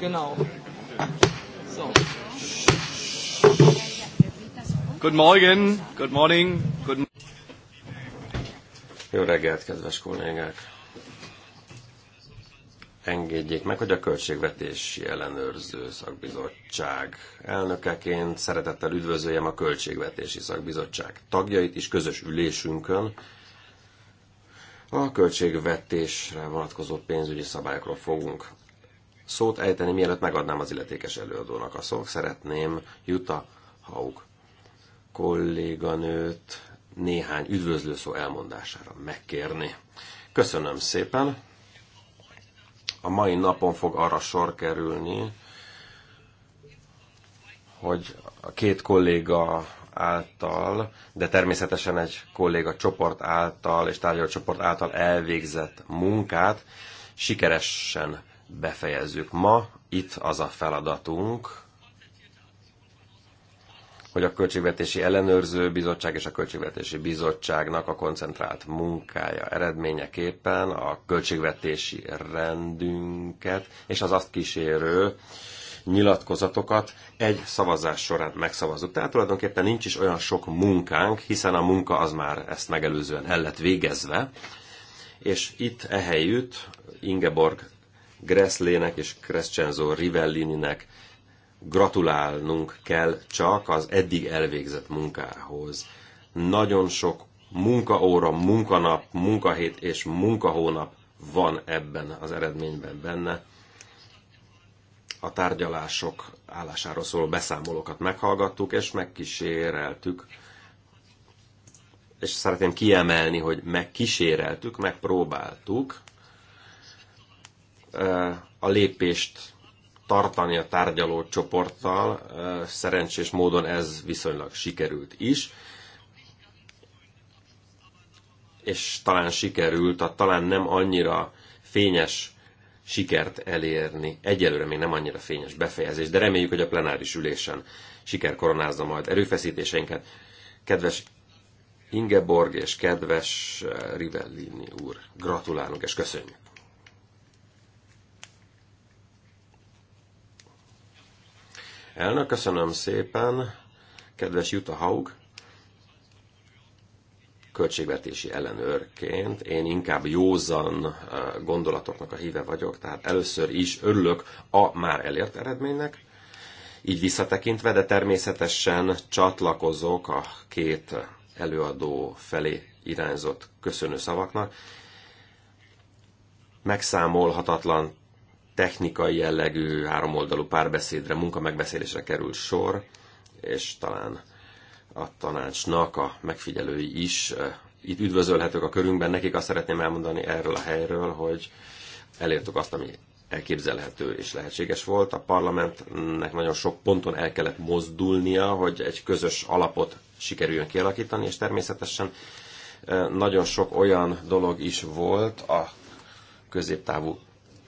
Genau. So. Good morning, good morning, good Jó reggelt, kedves kollégák! Engedjék meg, hogy a Költségvetési Ellenőrző Szakbizottság elnökeként szeretettel üdvözöljem a Költségvetési Szakbizottság tagjait is közös ülésünkön, a költségvetésre vonatkozó pénzügyi szabályokról fogunk szót ejteni, mielőtt megadnám az illetékes előadónak a szót. Szeretném Juta Haug kolléganőt néhány üdvözlő szó elmondására megkérni. Köszönöm szépen. A mai napon fog arra sor kerülni, hogy a két kolléga által, de természetesen egy kolléga csoport által és tárgyaló csoport által elvégzett munkát sikeresen befejezzük. Ma itt az a feladatunk, hogy a Költségvetési Ellenőrző Bizottság és a Költségvetési Bizottságnak a koncentrált munkája eredményeképpen a költségvetési rendünket és az azt kísérő nyilatkozatokat egy szavazás során megszavazzuk. Tehát tulajdonképpen nincs is olyan sok munkánk, hiszen a munka az már ezt megelőzően el lett végezve, és itt ehelyütt Ingeborg Gresslének és Crescenzo Rivellininek gratulálnunk kell csak az eddig elvégzett munkához. Nagyon sok munkaóra, munkanap, munkahét és munkahónap van ebben az eredményben benne. A tárgyalások állásáról szóló beszámolókat meghallgattuk, és megkíséreltük, és szeretném kiemelni, hogy megkíséreltük, megpróbáltuk a lépést tartani a tárgyaló csoporttal. Szerencsés módon ez viszonylag sikerült is. És talán sikerült a talán nem annyira fényes sikert elérni. Egyelőre még nem annyira fényes befejezés, de reméljük, hogy a plenáris ülésen siker koronázza majd erőfeszítéseinket. Kedves Ingeborg és kedves Rivellini úr, gratulálunk és köszönjük! Elnök, köszönöm szépen. Kedves Jutta Haug, költségvetési ellenőrként én inkább józan uh, gondolatoknak a híve vagyok, tehát először is örülök a már elért eredménynek, így visszatekintve, de természetesen csatlakozok a két előadó felé irányzott köszönő szavaknak. Megszámolhatatlan technikai jellegű háromoldalú párbeszédre, munkamegbeszélésre kerül sor, és talán a tanácsnak a megfigyelői is itt üdvözölhetők a körünkben. Nekik azt szeretném elmondani erről a helyről, hogy elértük azt, ami elképzelhető és lehetséges volt. A parlamentnek nagyon sok ponton el kellett mozdulnia, hogy egy közös alapot sikerüljön kialakítani, és természetesen nagyon sok olyan dolog is volt a középtávú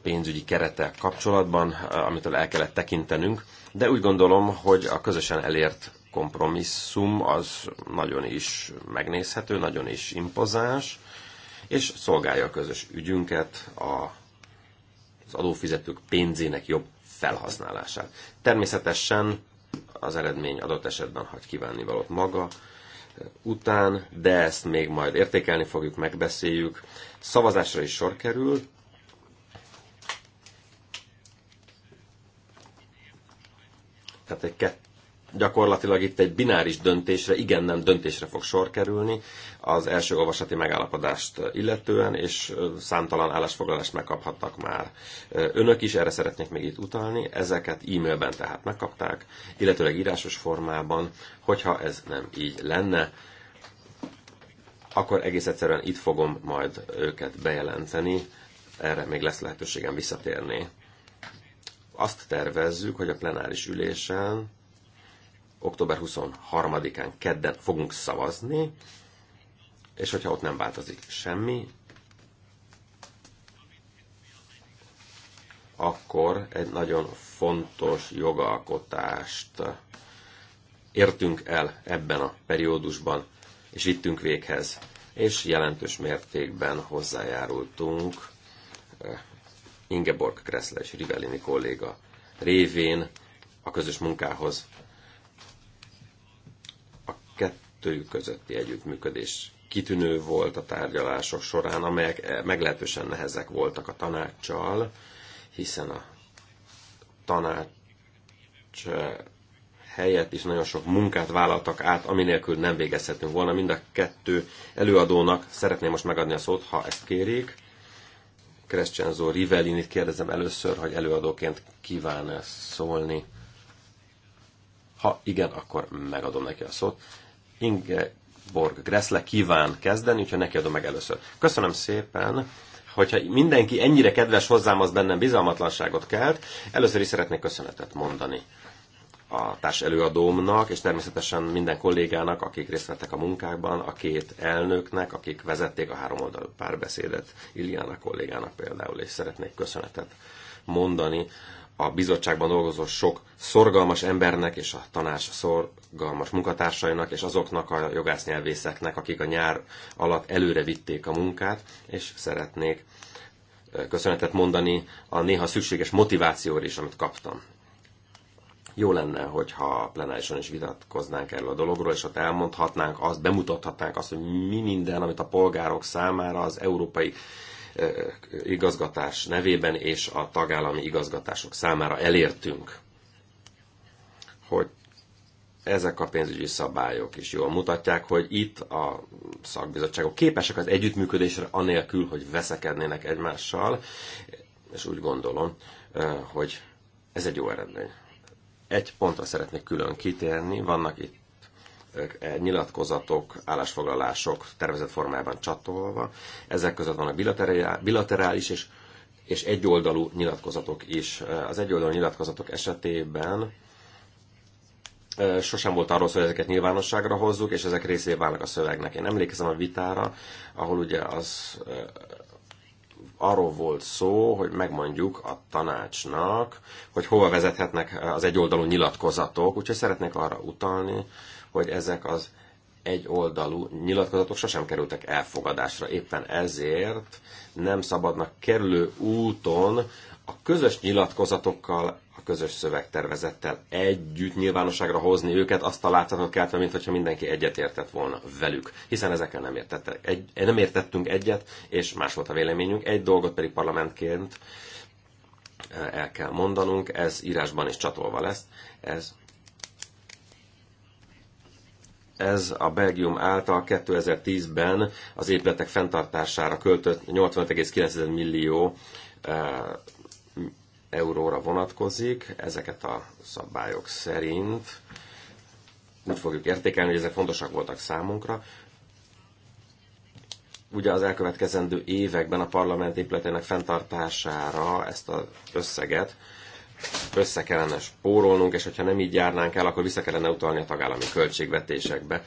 pénzügyi keretek kapcsolatban, eh, amitől el kellett tekintenünk, de úgy gondolom, hogy a közösen elért kompromisszum az nagyon is megnézhető, nagyon is impozáns, és szolgálja a közös ügyünket, a, az adófizetők pénzének jobb felhasználását. Természetesen az eredmény adott esetben hagy kívánni valót maga, eh, után, de ezt még majd értékelni fogjuk, megbeszéljük. Szavazásra is sor kerül, Tehát egy kett, gyakorlatilag itt egy bináris döntésre, igen-nem döntésre fog sor kerülni az első olvasati megállapodást illetően, és számtalan állásfoglalást megkaphattak már önök is, erre szeretnék még itt utalni, ezeket e-mailben tehát megkapták, illetőleg írásos formában, hogyha ez nem így lenne, akkor egész egyszerűen itt fogom majd őket bejelenteni, erre még lesz lehetőségem visszatérni. Azt tervezzük, hogy a plenáris ülésen október 23-án kedden fogunk szavazni, és hogyha ott nem változik semmi, akkor egy nagyon fontos jogalkotást értünk el ebben a periódusban, és vittünk véghez, és jelentős mértékben hozzájárultunk eh, Ingeborg Kressle és Rivellini kolléga révén a közös munkához a kettőjük közötti együttműködés kitűnő volt a tárgyalások során, amelyek meglehetősen nehezek voltak a tanácssal, hiszen a tanács helyett is nagyon sok munkát vállaltak át, aminélkül nem végezhetünk volna. Mind a kettő előadónak szeretném most megadni a szót, ha ezt kérik. Crescenzo Rivellinit kérdezem először, hogy előadóként kíván -e szólni. Ha igen, akkor megadom neki a szót. Inge Borg Gressle kíván kezdeni, úgyhogy neki adom meg először. Köszönöm szépen, hogyha mindenki ennyire kedves hozzám, az bennem bizalmatlanságot kelt. Először is szeretnék köszönetet mondani a társ előadómnak, és természetesen minden kollégának, akik részt vettek a munkákban, a két elnöknek, akik vezették a három oldalú párbeszédet, Iliana kollégának például, és szeretnék köszönetet mondani a bizottságban dolgozó sok szorgalmas embernek és a tanács szorgalmas munkatársainak és azoknak a jogásznyelvészeknek, akik a nyár alatt előre vitték a munkát, és szeretnék köszönetet mondani a néha szükséges motivációra is, amit kaptam jó lenne, hogyha plenárisan is vitatkoznánk erről a dologról, és ott elmondhatnánk azt, bemutathatnánk azt, hogy mi minden, amit a polgárok számára az európai igazgatás nevében és a tagállami igazgatások számára elértünk, hogy ezek a pénzügyi szabályok is jól mutatják, hogy itt a szakbizottságok képesek az együttműködésre, anélkül, hogy veszekednének egymással, és úgy gondolom, hogy ez egy jó eredmény. Egy pontra szeretnék külön kitérni, vannak itt e, nyilatkozatok, állásfoglalások tervezett formájában csatolva. Ezek között vannak bilaterális és, és egyoldalú nyilatkozatok is. Az egyoldalú nyilatkozatok esetében sosem volt arról szó, hogy ezeket nyilvánosságra hozzuk, és ezek részé válnak a szövegnek. Én emlékezem a vitára, ahol ugye az arról volt szó, hogy megmondjuk a tanácsnak, hogy hova vezethetnek az egyoldalú nyilatkozatok, úgyhogy szeretnék arra utalni, hogy ezek az egyoldalú nyilatkozatok sosem kerültek elfogadásra. Éppen ezért nem szabadnak kerülő úton a közös nyilatkozatokkal a közös szövegtervezettel együtt nyilvánosságra hozni őket, azt a látszatot keltve, mint hogyha mindenki egyetértett volna velük. Hiszen ezekkel nem, egy, nem értettünk egyet, és más volt a véleményünk. Egy dolgot pedig parlamentként eh, el kell mondanunk, ez írásban is csatolva lesz, ez ez a Belgium által 2010-ben az épületek fenntartására költött 85,9 millió eh, euróra vonatkozik. Ezeket a szabályok szerint úgy fogjuk értékelni, hogy ezek fontosak voltak számunkra. Ugye az elkövetkezendő években a parlament épületének fenntartására ezt az összeget össze kellene spórolnunk, és hogyha nem így járnánk el, akkor vissza kellene utalni a tagállami költségvetésekbe.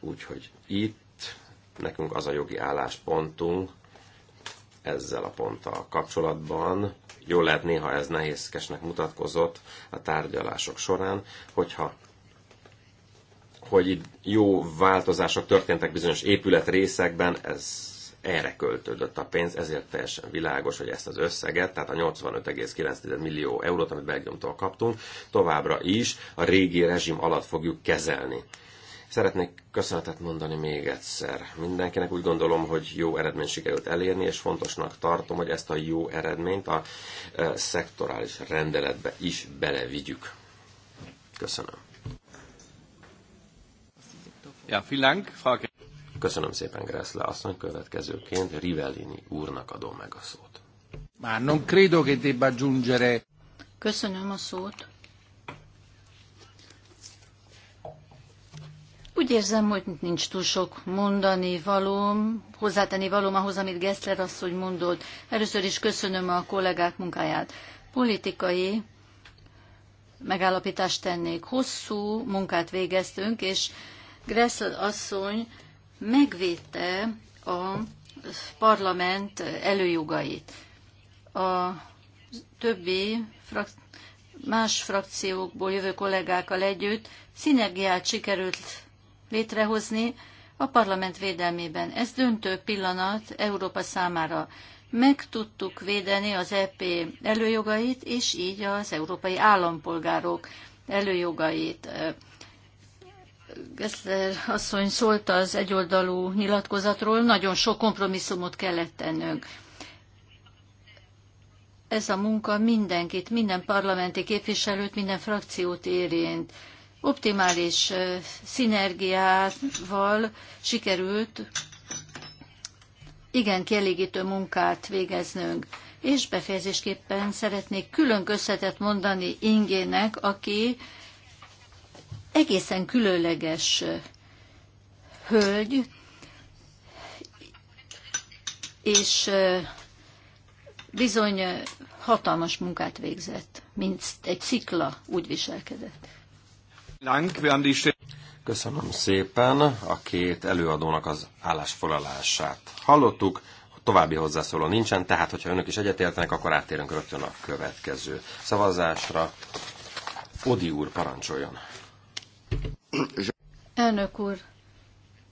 Úgyhogy itt nekünk az a jogi álláspontunk ezzel a ponttal kapcsolatban, Jól lehet néha ez nehézkesnek mutatkozott a tárgyalások során, hogyha hogy itt jó változások történtek bizonyos épület részekben, ez erre költődött a pénz, ezért teljesen világos, hogy ezt az összeget, tehát a 85,9 millió eurót, amit Belgiumtól kaptunk, továbbra is a régi rezsim alatt fogjuk kezelni. Szeretnék köszönetet mondani még egyszer mindenkinek. Úgy gondolom, hogy jó eredményt sikerült elérni, és fontosnak tartom, hogy ezt a jó eredményt a e, szektorális rendeletbe is belevigyük. Köszönöm. Ja, vielen Köszönöm szépen, Gressle asszony. Következőként Rivellini úrnak adom meg a szót. Már non credo che debba aggiungere. Köszönöm a szót. Úgy érzem, hogy nincs túl sok mondani valóm, hozzátenni valóm ahhoz, amit Gessler asszony mondott. Először is köszönöm a kollégák munkáját. Politikai megállapítást tennék. Hosszú munkát végeztünk, és Gressler asszony megvédte a parlament előjogait. A többi frak más frakciókból jövő kollégákkal együtt szinergiát sikerült létrehozni a parlament védelmében. Ez döntő pillanat Európa számára. Meg tudtuk védeni az EP előjogait, és így az európai állampolgárok előjogait. Gessler asszony szólt az egyoldalú nyilatkozatról, nagyon sok kompromisszumot kellett tennünk. Ez a munka mindenkit, minden parlamenti képviselőt, minden frakciót érint optimális szinergiával sikerült igen kielégítő munkát végeznünk. És befejezésképpen szeretnék külön köszönetet mondani Ingének, aki egészen különleges hölgy, és bizony hatalmas munkát végzett, mint egy szikla úgy viselkedett. Köszönöm szépen a két előadónak az állásfoglalását. Hallottuk, további hozzászóló nincsen, tehát hogyha önök is egyetértenek, akkor áttérünk rögtön a következő szavazásra. Odi úr, parancsoljon! Elnök úr,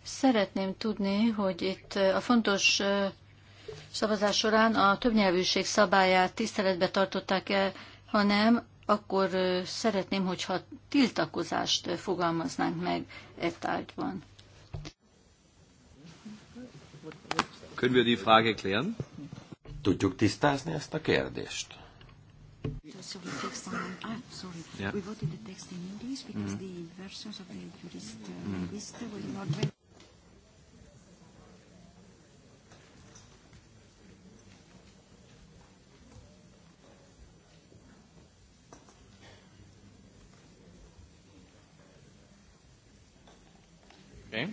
szeretném tudni, hogy itt eh, a fontos eh, szavazás során a többnyelvűség szabályát tiszteletbe tartották-e, hanem? akkor szeretném, hogyha tiltakozást fogalmaznánk meg e tárgyban. Tudjuk tisztázni ezt a kérdést? Yeah. mm. Uh, mm. Okay.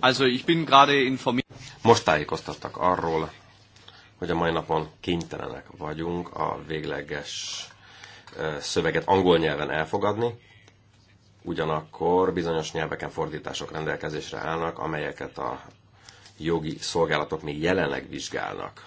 Also ich bin gerade informiert. Most tájékoztattak arról, hogy a mai napon kénytelenek vagyunk a végleges szöveget angol nyelven elfogadni, ugyanakkor bizonyos nyelveken fordítások rendelkezésre állnak, amelyeket a jogi szolgálatok még jelenleg vizsgálnak.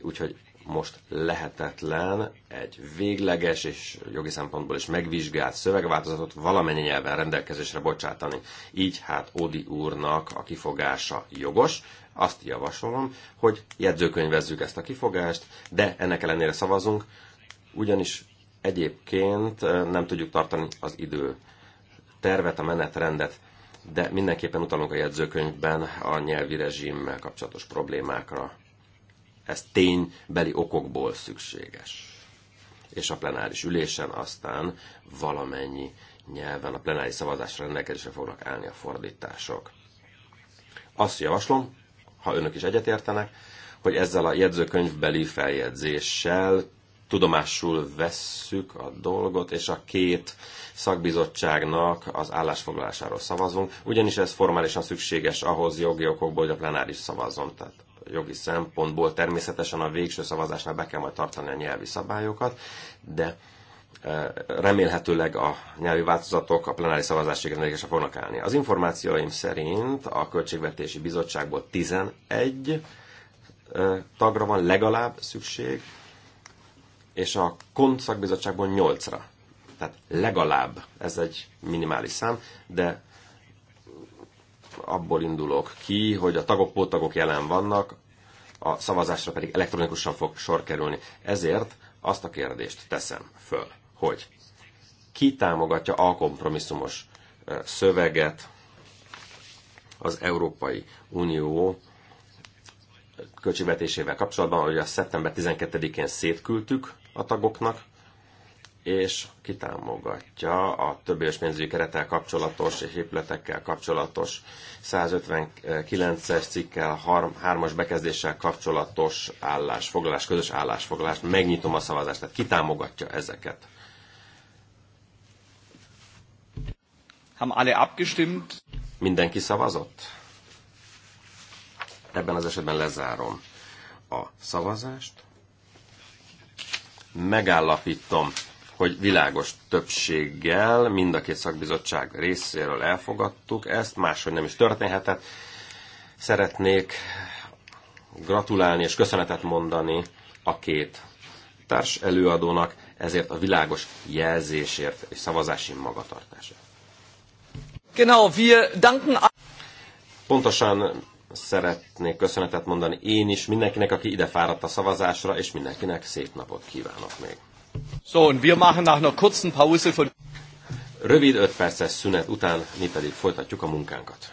Úgyhogy most lehetetlen egy végleges és jogi szempontból is megvizsgált szövegváltozatot valamennyi nyelven rendelkezésre bocsátani. Így hát Odi úrnak a kifogása jogos. Azt javasolom, hogy jegyzőkönyvezzük ezt a kifogást, de ennek ellenére szavazunk, ugyanis egyébként nem tudjuk tartani az idő tervet, a menetrendet, de mindenképpen utalunk a jegyzőkönyvben a nyelvi rezsimmel kapcsolatos problémákra ez ténybeli okokból szükséges. És a plenáris ülésen aztán valamennyi nyelven a plenáris szavazásra rendelkezésre fognak állni a fordítások. Azt javaslom, ha önök is egyetértenek, hogy ezzel a jegyzőkönyvbeli feljegyzéssel tudomásul vesszük a dolgot, és a két szakbizottságnak az állásfoglalásáról szavazunk, ugyanis ez formálisan szükséges ahhoz jogi okokból, hogy a plenáris szavazzon. Tehát jogi szempontból természetesen a végső szavazásnál be kell majd tartani a nyelvi szabályokat, de e, remélhetőleg a nyelvi változatok a plenári szavazásig rendelkezésre fognak állni. Az információim szerint a Költségvetési Bizottságból 11 e, tagra van legalább szükség, és a Kontszakbizottságból 8-ra. Tehát legalább, ez egy minimális szám, de abból indulok ki, hogy a tagok, póttagok jelen vannak, a szavazásra pedig elektronikusan fog sor kerülni. Ezért azt a kérdést teszem föl, hogy ki támogatja a kompromisszumos szöveget az Európai Unió költségvetésével kapcsolatban, hogy a szeptember 12-én szétküldtük a tagoknak, és kitámogatja a és pénzügyi kerettel kapcsolatos és épületekkel kapcsolatos 159-es cikkel 3-as bekezdéssel kapcsolatos állásfoglalás, közös állásfoglalást. Megnyitom a szavazást, tehát kitámogatja ezeket. Haben alle abgestimmt? Mindenki szavazott? Ebben az esetben lezárom a szavazást. Megállapítom, hogy világos többséggel mind a két szakbizottság részéről elfogadtuk ezt, máshogy nem is történhetett. Szeretnék gratulálni és köszönetet mondani a két társ előadónak ezért a világos jelzésért és szavazási magatartásért. Genau, wir danken... Pontosan szeretnék köszönetet mondani én is mindenkinek, aki ide fáradt a szavazásra, és mindenkinek szép napot kívánok még. So, und wir machen nach einer kurzen Pause von... Rövid 5 perces szünet után mi pedig folytatjuk a munkánkat.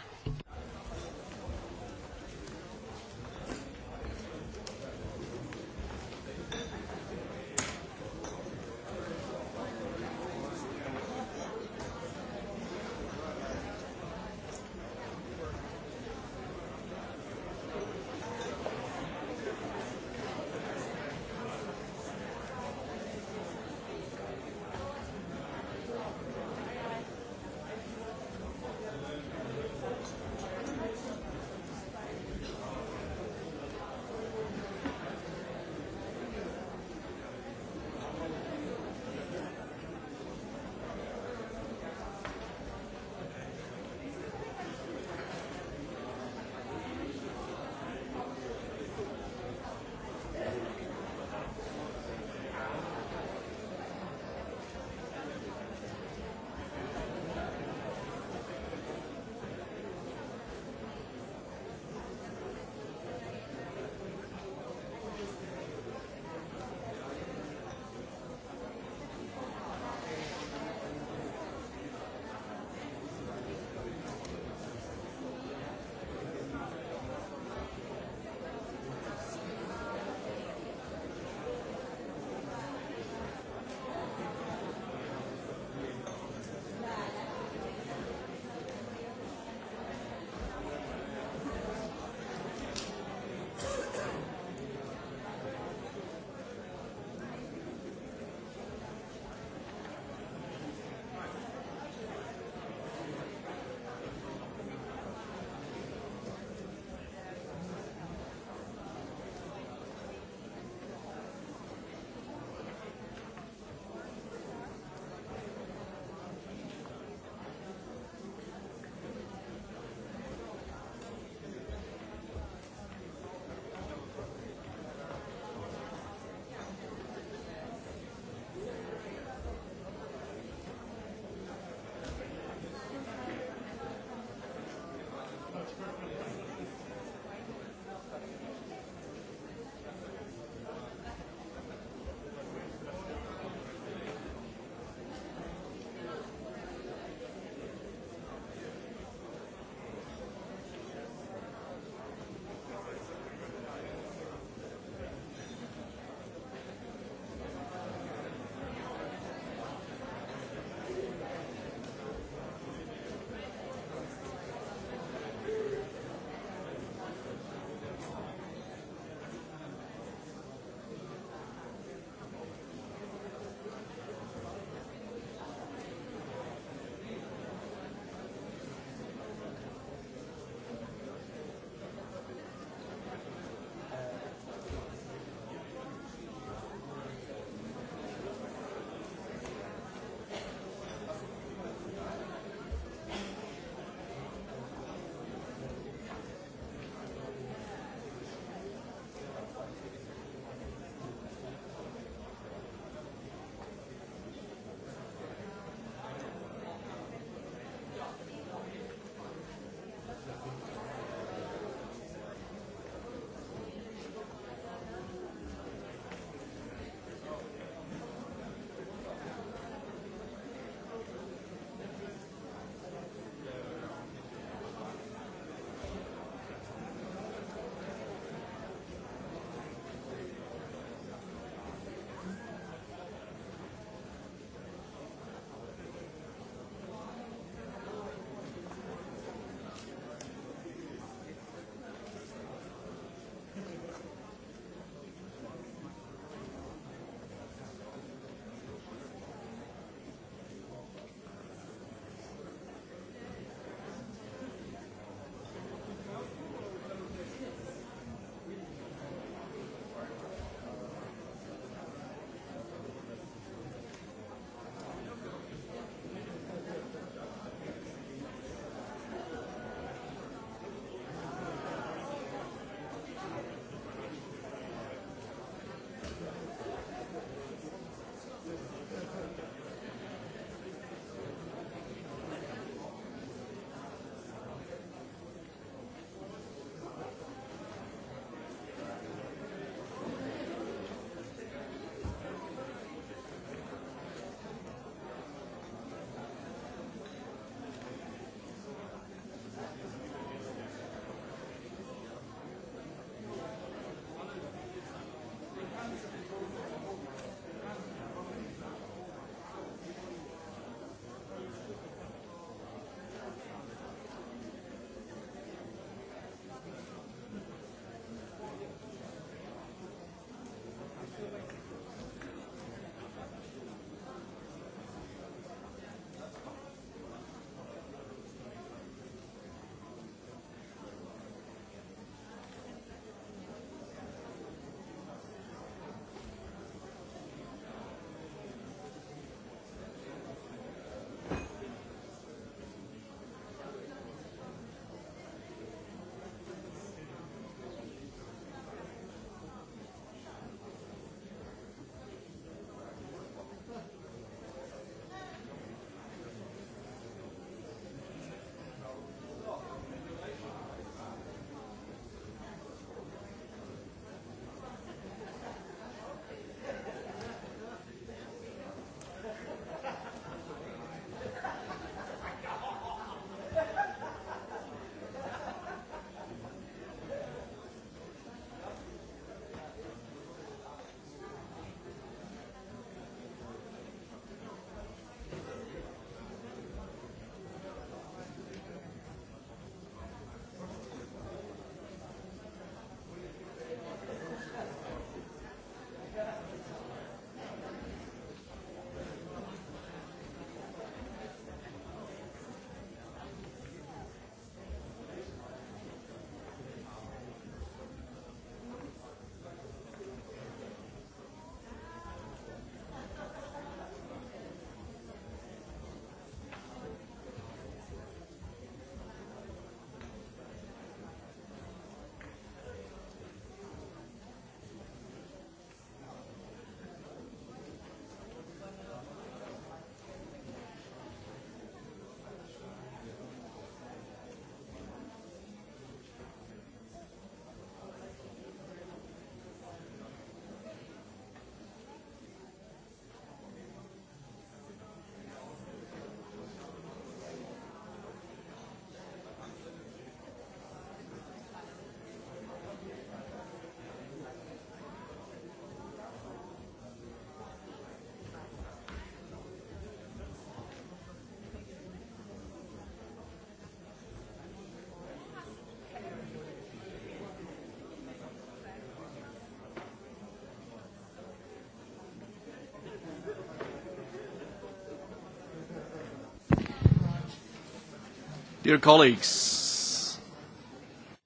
Dear colleagues.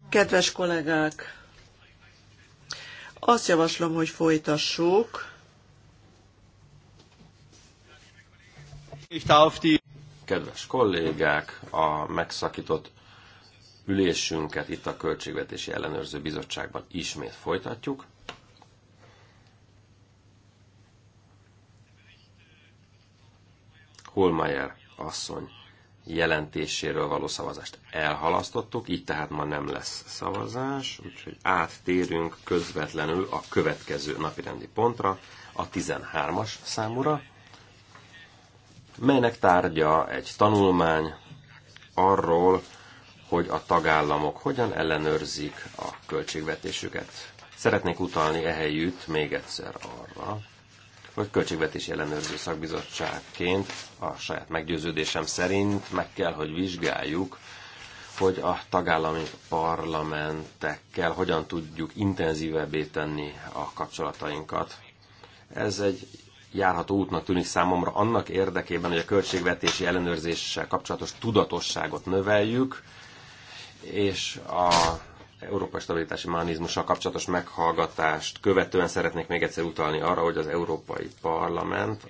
Kedves kollégák! Azt javaslom, hogy folytassuk. Kedves kollégák, a megszakított ülésünket itt a Költségvetési Ellenőrző Bizottságban ismét folytatjuk. Holmeier asszony jelentéséről való szavazást elhalasztottuk, így tehát ma nem lesz szavazás, úgyhogy áttérünk közvetlenül a következő napirendi pontra, a 13-as számúra, melynek tárgya egy tanulmány arról, hogy a tagállamok hogyan ellenőrzik a költségvetésüket. Szeretnék utalni ehelyütt még egyszer arra, hogy költségvetési ellenőrző szakbizottságként a saját meggyőződésem szerint meg kell, hogy vizsgáljuk, hogy a tagállami parlamentekkel hogyan tudjuk intenzívebbé tenni a kapcsolatainkat. Ez egy járható útnak tűnik számomra annak érdekében, hogy a költségvetési ellenőrzéssel kapcsolatos tudatosságot növeljük, és a Európai Stabilitási Mechanizmussal kapcsolatos meghallgatást követően szeretnék még egyszer utalni arra, hogy az Európai Parlament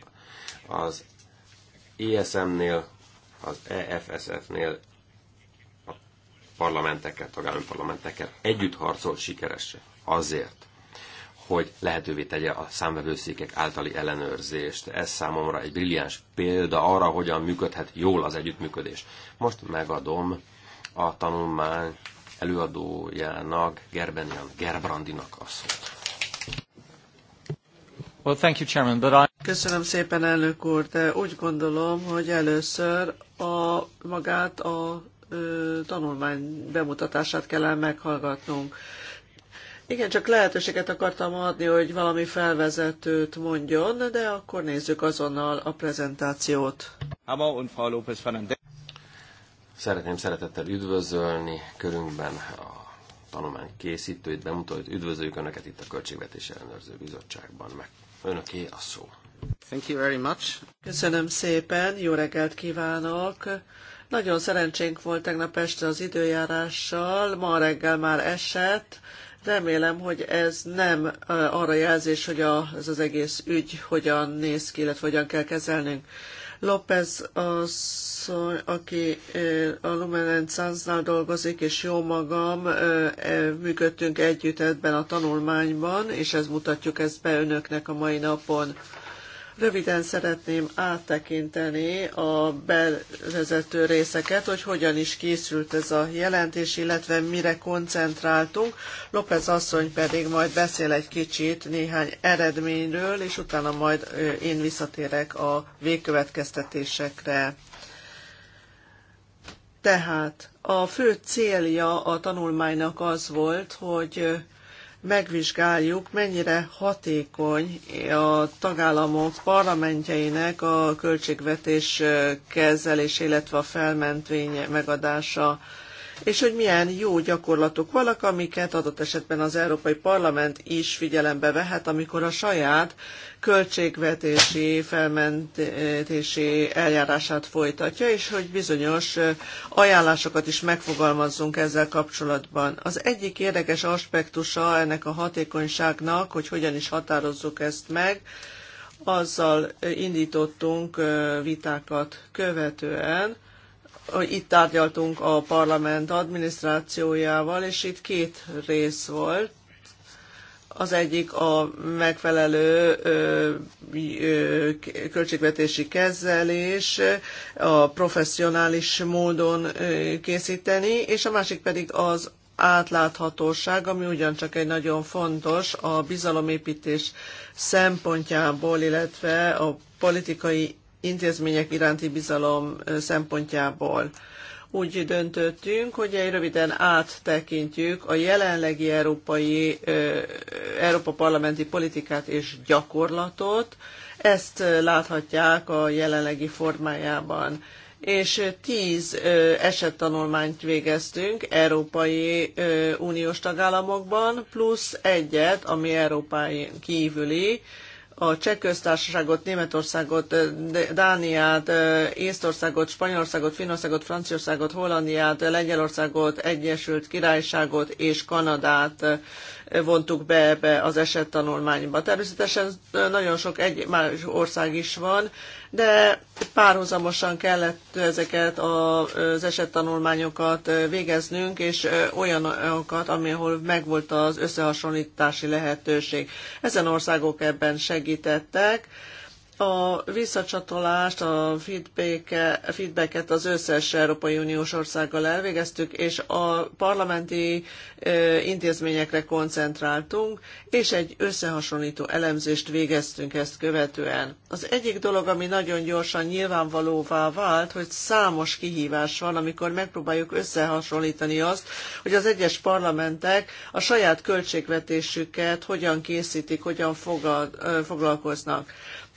az ESM-nél, az EFSF-nél a a tagállami parlamenteket együtt harcol sikeresse azért, hogy lehetővé tegye a számvevőszékek általi ellenőrzést. Ez számomra egy brilliáns példa arra, hogyan működhet jól az együttműködés. Most megadom a tanulmány előadójának, Gerbenian Gerbrandinak a szót. Well, thank you, Chairman, but I... Köszönöm szépen, elnök úr, de úgy gondolom, hogy először a magát a ö, tanulmány bemutatását kellene meghallgatnunk. Igen, csak lehetőséget akartam adni, hogy valami felvezetőt mondjon, de akkor nézzük azonnal a prezentációt. Hammer und Frau López Fernandez. Szeretném szeretettel üdvözölni körünkben a tanulmány készítőit, bemutatóit. Üdvözöljük Önöket itt a Költségvetés Ellenőrző Bizottságban. Meg Önöké a szó. Thank you very much. Köszönöm szépen, jó reggelt kívánok! Nagyon szerencsénk volt tegnap este az időjárással, ma reggel már esett, Remélem, hogy ez nem arra jelzés, hogy az az egész ügy hogyan néz ki, illetve hogyan kell kezelnünk. López asszony, aki a Lumenen Sanznál dolgozik, és jó magam, működtünk együtt ebben a tanulmányban, és ez mutatjuk ezt be önöknek a mai napon. Röviden szeretném áttekinteni a bevezető részeket, hogy hogyan is készült ez a jelentés, illetve mire koncentráltunk. López asszony pedig majd beszél egy kicsit néhány eredményről, és utána majd én visszatérek a végkövetkeztetésekre. Tehát a fő célja a tanulmánynak az volt, hogy megvizsgáljuk, mennyire hatékony a tagállamok parlamentjeinek a költségvetés kezelés, illetve a felmentvény megadása és hogy milyen jó gyakorlatok vannak, amiket adott esetben az Európai Parlament is figyelembe vehet, amikor a saját költségvetési, felmentési eljárását folytatja, és hogy bizonyos ajánlásokat is megfogalmazzunk ezzel kapcsolatban. Az egyik érdekes aspektusa ennek a hatékonyságnak, hogy hogyan is határozzuk ezt meg, azzal indítottunk vitákat követően, itt tárgyaltunk a parlament adminisztrációjával, és itt két rész volt. Az egyik a megfelelő költségvetési kezelés, a professzionális módon készíteni, és a másik pedig az átláthatóság, ami ugyancsak egy nagyon fontos a bizalomépítés szempontjából, illetve a politikai intézmények iránti bizalom szempontjából. Úgy döntöttünk, hogy egy röviden áttekintjük a jelenlegi európai, Európa parlamenti politikát és gyakorlatot. Ezt láthatják a jelenlegi formájában és tíz esettanulmányt végeztünk Európai Uniós tagállamokban, plusz egyet, ami Európai kívüli, a Cseh köztársaságot, Németországot, Dániát, Észtországot, Spanyolországot, Finnországot, Franciaországot, Hollandiát, Lengyelországot, Egyesült Királyságot és Kanadát vontuk be ebbe az esettanulmányba. Természetesen nagyon sok egy más ország is van, de párhuzamosan kellett ezeket az esettanulmányokat végeznünk, és olyanokat, amihol megvolt az összehasonlítási lehetőség. Ezen országok ebben segítettek, a visszacsatolást, a feedbacket az összes Európai Uniós országgal elvégeztük, és a parlamenti intézményekre koncentráltunk, és egy összehasonlító elemzést végeztünk ezt követően. Az egyik dolog, ami nagyon gyorsan nyilvánvalóvá vált, hogy számos kihívás van, amikor megpróbáljuk összehasonlítani azt, hogy az egyes parlamentek a saját költségvetésüket hogyan készítik, hogyan foglalkoznak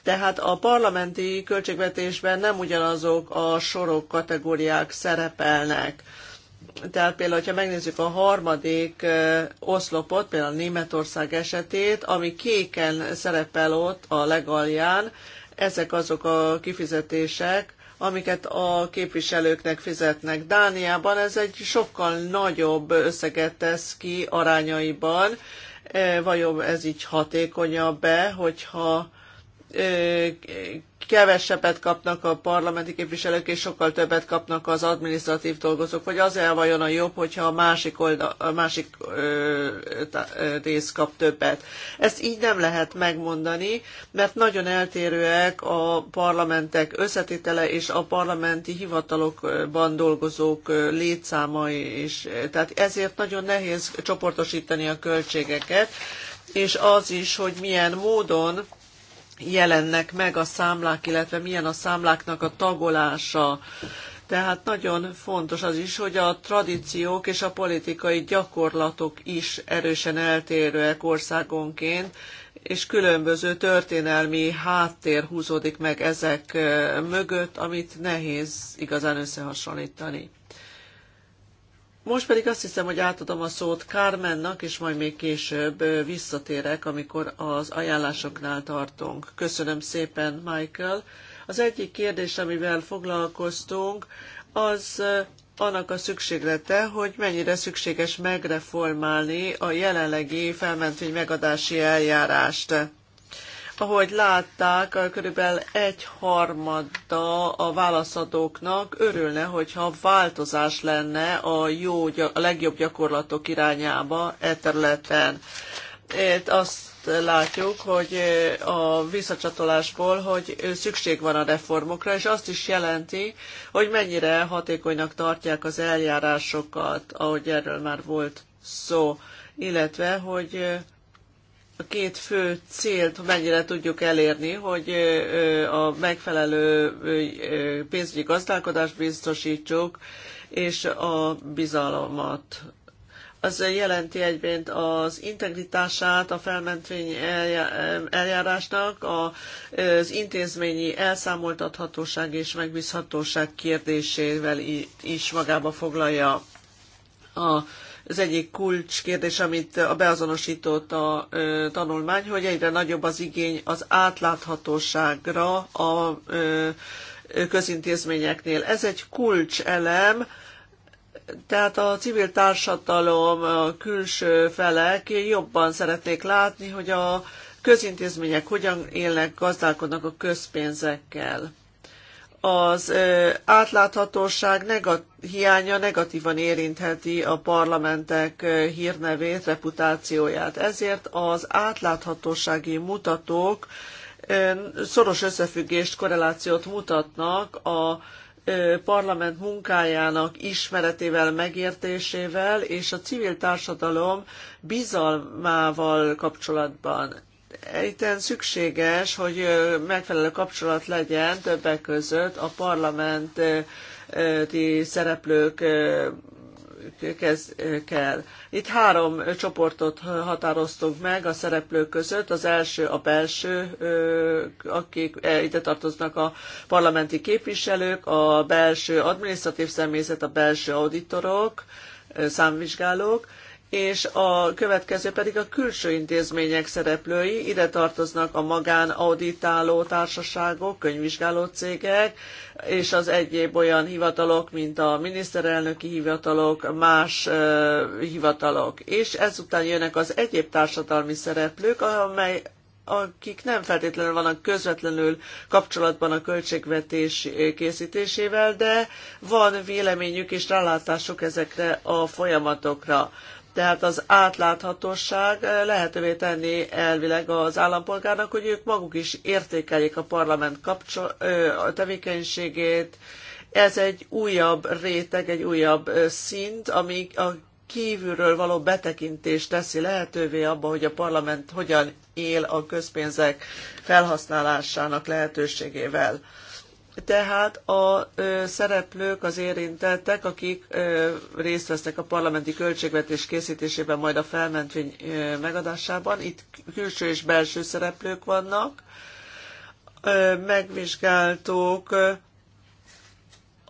tehát a parlamenti költségvetésben nem ugyanazok a sorok, kategóriák szerepelnek. Tehát például, ha megnézzük a harmadik oszlopot, például Németország esetét, ami kéken szerepel ott a legalján, ezek azok a kifizetések, amiket a képviselőknek fizetnek. Dániában ez egy sokkal nagyobb összeget tesz ki arányaiban, vajon ez így hatékonyabb-e, hogyha kevesebbet kapnak a parlamenti képviselők, és sokkal többet kapnak az adminisztratív dolgozók, vagy az elvajon a jobb, hogyha a másik, oldal, a másik ö, ö, rész kap többet. Ezt így nem lehet megmondani, mert nagyon eltérőek a parlamentek összetétele és a parlamenti hivatalokban dolgozók létszámai is. Tehát ezért nagyon nehéz csoportosítani a költségeket, és az is, hogy milyen módon jelennek meg a számlák, illetve milyen a számláknak a tagolása. Tehát nagyon fontos az is, hogy a tradíciók és a politikai gyakorlatok is erősen eltérőek országonként, és különböző történelmi háttér húzódik meg ezek mögött, amit nehéz igazán összehasonlítani. Most pedig azt hiszem, hogy átadom a szót Kármennak, és majd még később visszatérek, amikor az ajánlásoknál tartunk. Köszönöm szépen, Michael. Az egyik kérdés, amivel foglalkoztunk, az annak a szükséglete, hogy mennyire szükséges megreformálni a jelenlegi felmentvény megadási eljárást. Ahogy látták, körülbelül egy harmada a válaszadóknak örülne, hogyha változás lenne a, jó, a legjobb gyakorlatok irányába e területen. Itt azt látjuk, hogy a visszacsatolásból, hogy szükség van a reformokra, és azt is jelenti, hogy mennyire hatékonynak tartják az eljárásokat, ahogy erről már volt szó, illetve, hogy a két fő célt mennyire tudjuk elérni, hogy a megfelelő pénzügyi gazdálkodást biztosítsuk, és a bizalmat. Az jelenti egyébként az integritását a felmentvény eljárásnak, az intézményi elszámoltathatóság és megbízhatóság kérdésével is magába foglalja a az egyik kulcskérdés, amit a beazonosított a tanulmány, hogy egyre nagyobb az igény az átláthatóságra a közintézményeknél. Ez egy kulcselem, tehát a civil társadalom, a külső felek jobban szeretnék látni, hogy a közintézmények hogyan élnek, gazdálkodnak a közpénzekkel az átláthatóság negat- hiánya negatívan érintheti a parlamentek hírnevét, reputációját. Ezért az átláthatósági mutatók szoros összefüggést, korrelációt mutatnak a parlament munkájának ismeretével, megértésével és a civil társadalom bizalmával kapcsolatban. Itten szükséges, hogy megfelelő kapcsolat legyen többek között a parlamenti szereplők kell. Itt három csoportot határoztunk meg a szereplők között. Az első a belső, akik ide tartoznak a parlamenti képviselők, a belső adminisztratív személyzet, a belső auditorok, számvizsgálók, és a következő pedig a külső intézmények szereplői. Ide tartoznak a magán auditáló társaságok, könyvvizsgáló cégek, és az egyéb olyan hivatalok, mint a miniszterelnöki hivatalok, más ö, hivatalok. És ezután jönnek az egyéb társadalmi szereplők, amely akik nem feltétlenül vannak közvetlenül kapcsolatban a költségvetés készítésével, de van véleményük és rálátásuk ezekre a folyamatokra. Tehát az átláthatóság lehetővé tenni elvileg az állampolgárnak, hogy ők maguk is értékeljék a parlament kapcsol- a tevékenységét. Ez egy újabb réteg, egy újabb szint, ami a kívülről való betekintést teszi lehetővé abba, hogy a parlament hogyan él a közpénzek felhasználásának lehetőségével. Tehát a ö, szereplők, az érintettek, akik ö, részt vesznek a parlamenti költségvetés készítésében, majd a felmentvény ö, megadásában, itt külső és belső szereplők vannak, ö, megvizsgáltuk ö,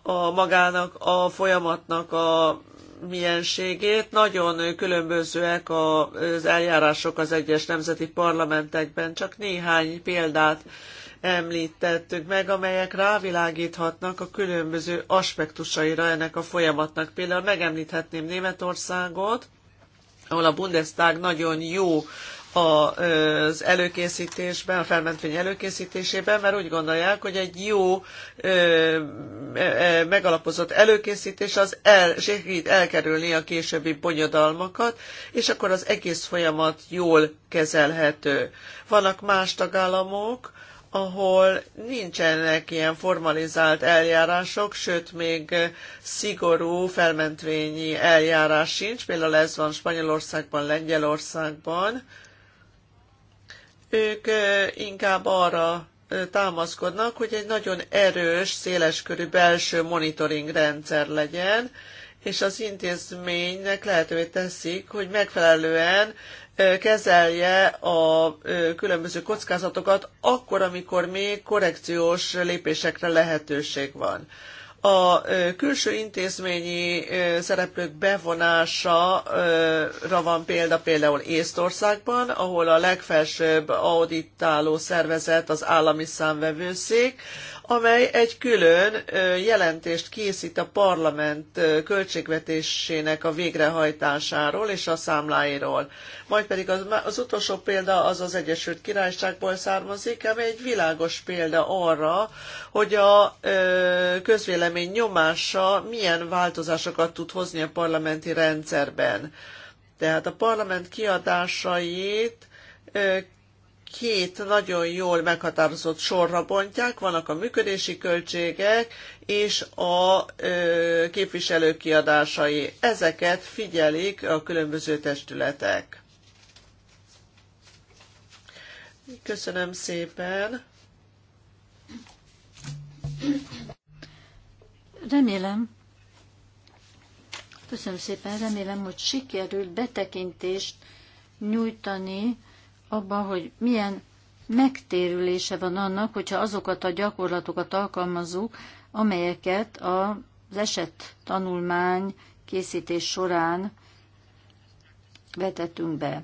a magának, a folyamatnak a mienségét. Nagyon különbözőek az eljárások az egyes nemzeti parlamentekben. Csak néhány példát említettünk meg, amelyek rávilágíthatnak a különböző aspektusaira ennek a folyamatnak. Például megemlíthetném Németországot, ahol a Bundestag nagyon jó az előkészítésben, a felmentvény előkészítésében, mert úgy gondolják, hogy egy jó e, e, megalapozott előkészítés az el, segít elkerülni a későbbi bonyodalmakat, és akkor az egész folyamat jól kezelhető. Vannak más tagállamok, ahol nincsenek ilyen formalizált eljárások, sőt még szigorú felmentvényi eljárás sincs, például ez van Spanyolországban, Lengyelországban. Ők inkább arra támaszkodnak, hogy egy nagyon erős, széleskörű belső monitoring rendszer legyen, és az intézménynek lehetővé teszik, hogy megfelelően kezelje a különböző kockázatokat akkor, amikor még korrekciós lépésekre lehetőség van. A külső intézményi szereplők bevonására van példa például Észtországban, ahol a legfelsőbb auditáló szervezet az állami számvevőszék, amely egy külön jelentést készít a parlament költségvetésének a végrehajtásáról és a számláiról. Majd pedig az, az utolsó példa az az Egyesült Királyságból származik, amely egy világos példa arra, hogy a közvélemény nyomása milyen változásokat tud hozni a parlamenti rendszerben. Tehát a parlament kiadásait két nagyon jól meghatározott sorra bontják, vannak a működési költségek és a ö, képviselők kiadásai. Ezeket figyelik a különböző testületek. Köszönöm szépen. Remélem, köszönöm szépen, remélem, hogy sikerült betekintést nyújtani abban, hogy milyen megtérülése van annak, hogyha azokat a gyakorlatokat alkalmazzuk, amelyeket az esett tanulmány készítés során vetettünk be.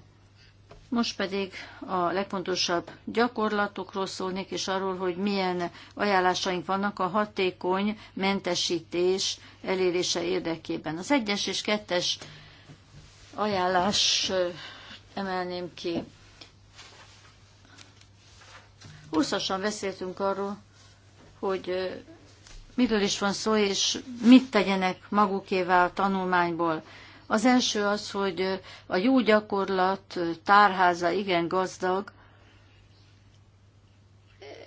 Most pedig a legfontosabb gyakorlatokról szólnék, és arról, hogy milyen ajánlásaink vannak a hatékony mentesítés elérése érdekében. Az egyes és kettes ajánlás emelném ki. Hosszasan beszéltünk arról, hogy miről is van szó, és mit tegyenek magukével a tanulmányból. Az első az, hogy a jó gyakorlat tárháza igen gazdag,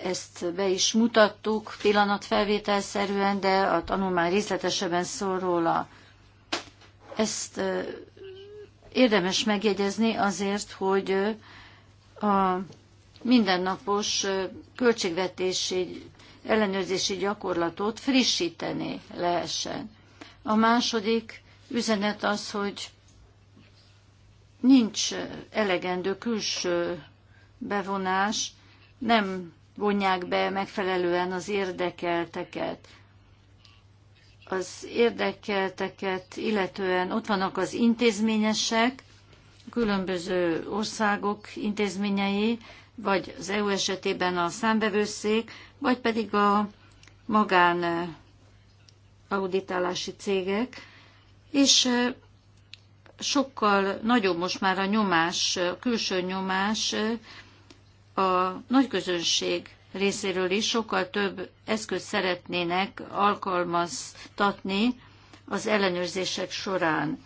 ezt be is mutattuk pillanatfelvételszerűen, de a tanulmány részletesebben szól róla. Ezt érdemes megjegyezni azért, hogy a mindennapos költségvetési ellenőrzési gyakorlatot frissíteni lehessen. A második üzenet az, hogy nincs elegendő külső bevonás, nem vonják be megfelelően az érdekelteket. Az érdekelteket illetően ott vannak az intézményesek, különböző országok intézményei, vagy az EU esetében a számbevőszék, vagy pedig a magán auditálási cégek, és sokkal nagyobb most már a nyomás, a külső nyomás a nagy közönség részéről is sokkal több eszközt szeretnének alkalmaztatni az ellenőrzések során.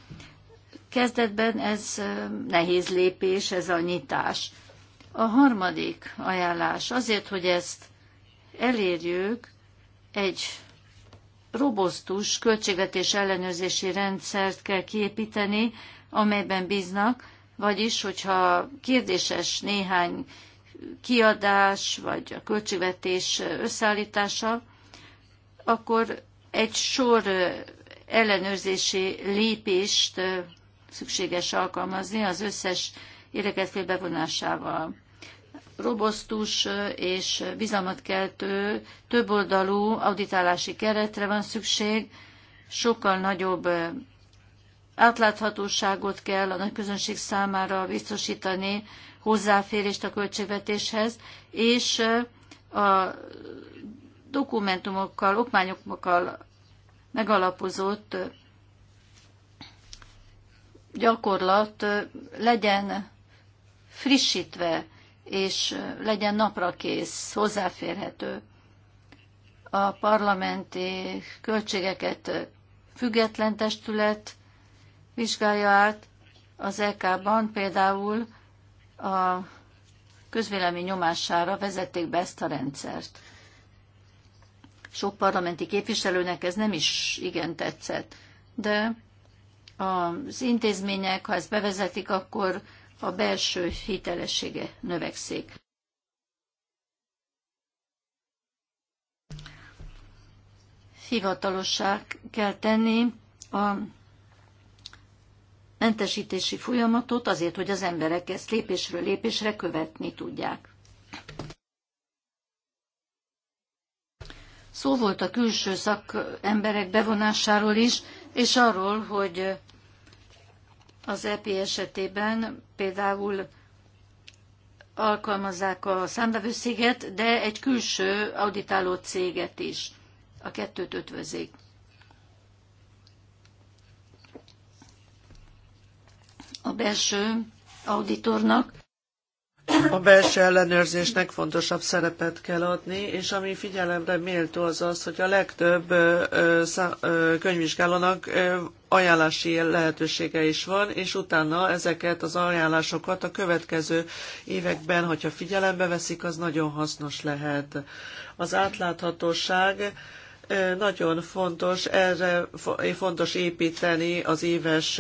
Kezdetben ez nehéz lépés, ez a nyitás. A harmadik ajánlás azért, hogy ezt elérjük, egy robosztus költségvetés ellenőrzési rendszert kell kiépíteni, amelyben bíznak, vagyis, hogyha kérdéses néhány kiadás vagy a költségvetés összeállítása, akkor egy sor ellenőrzési lépést szükséges alkalmazni az összes érdekelt bevonásával. Robosztus és bizalmat keltő többoldalú auditálási keretre van szükség, sokkal nagyobb átláthatóságot kell a nagy közönség számára biztosítani, hozzáférést a költségvetéshez, és a dokumentumokkal, okmányokkal megalapozott gyakorlat legyen frissítve, és legyen naprakész, hozzáférhető. A parlamenti költségeket független testület vizsgálja át, az EK-ban például a közvélemény nyomására vezették be ezt a rendszert. Sok parlamenti képviselőnek ez nem is igen tetszett, de az intézmények, ha ezt bevezetik, akkor a belső hitelessége növekszik. Hivatalossá kell tenni a mentesítési folyamatot azért, hogy az emberek ezt lépésről lépésre követni tudják. Szó volt a külső szakemberek bevonásáról is, és arról, hogy az EP esetében például alkalmazzák a számbevőszéget, de egy külső auditáló céget is. A kettőt ötvözik. A belső auditornak a belső ellenőrzésnek fontosabb szerepet kell adni, és ami figyelemre méltó az az, hogy a legtöbb könyvvizsgálónak ajánlási lehetősége is van, és utána ezeket az ajánlásokat a következő években, hogyha figyelembe veszik, az nagyon hasznos lehet. Az átláthatóság nagyon fontos, erre fontos építeni az éves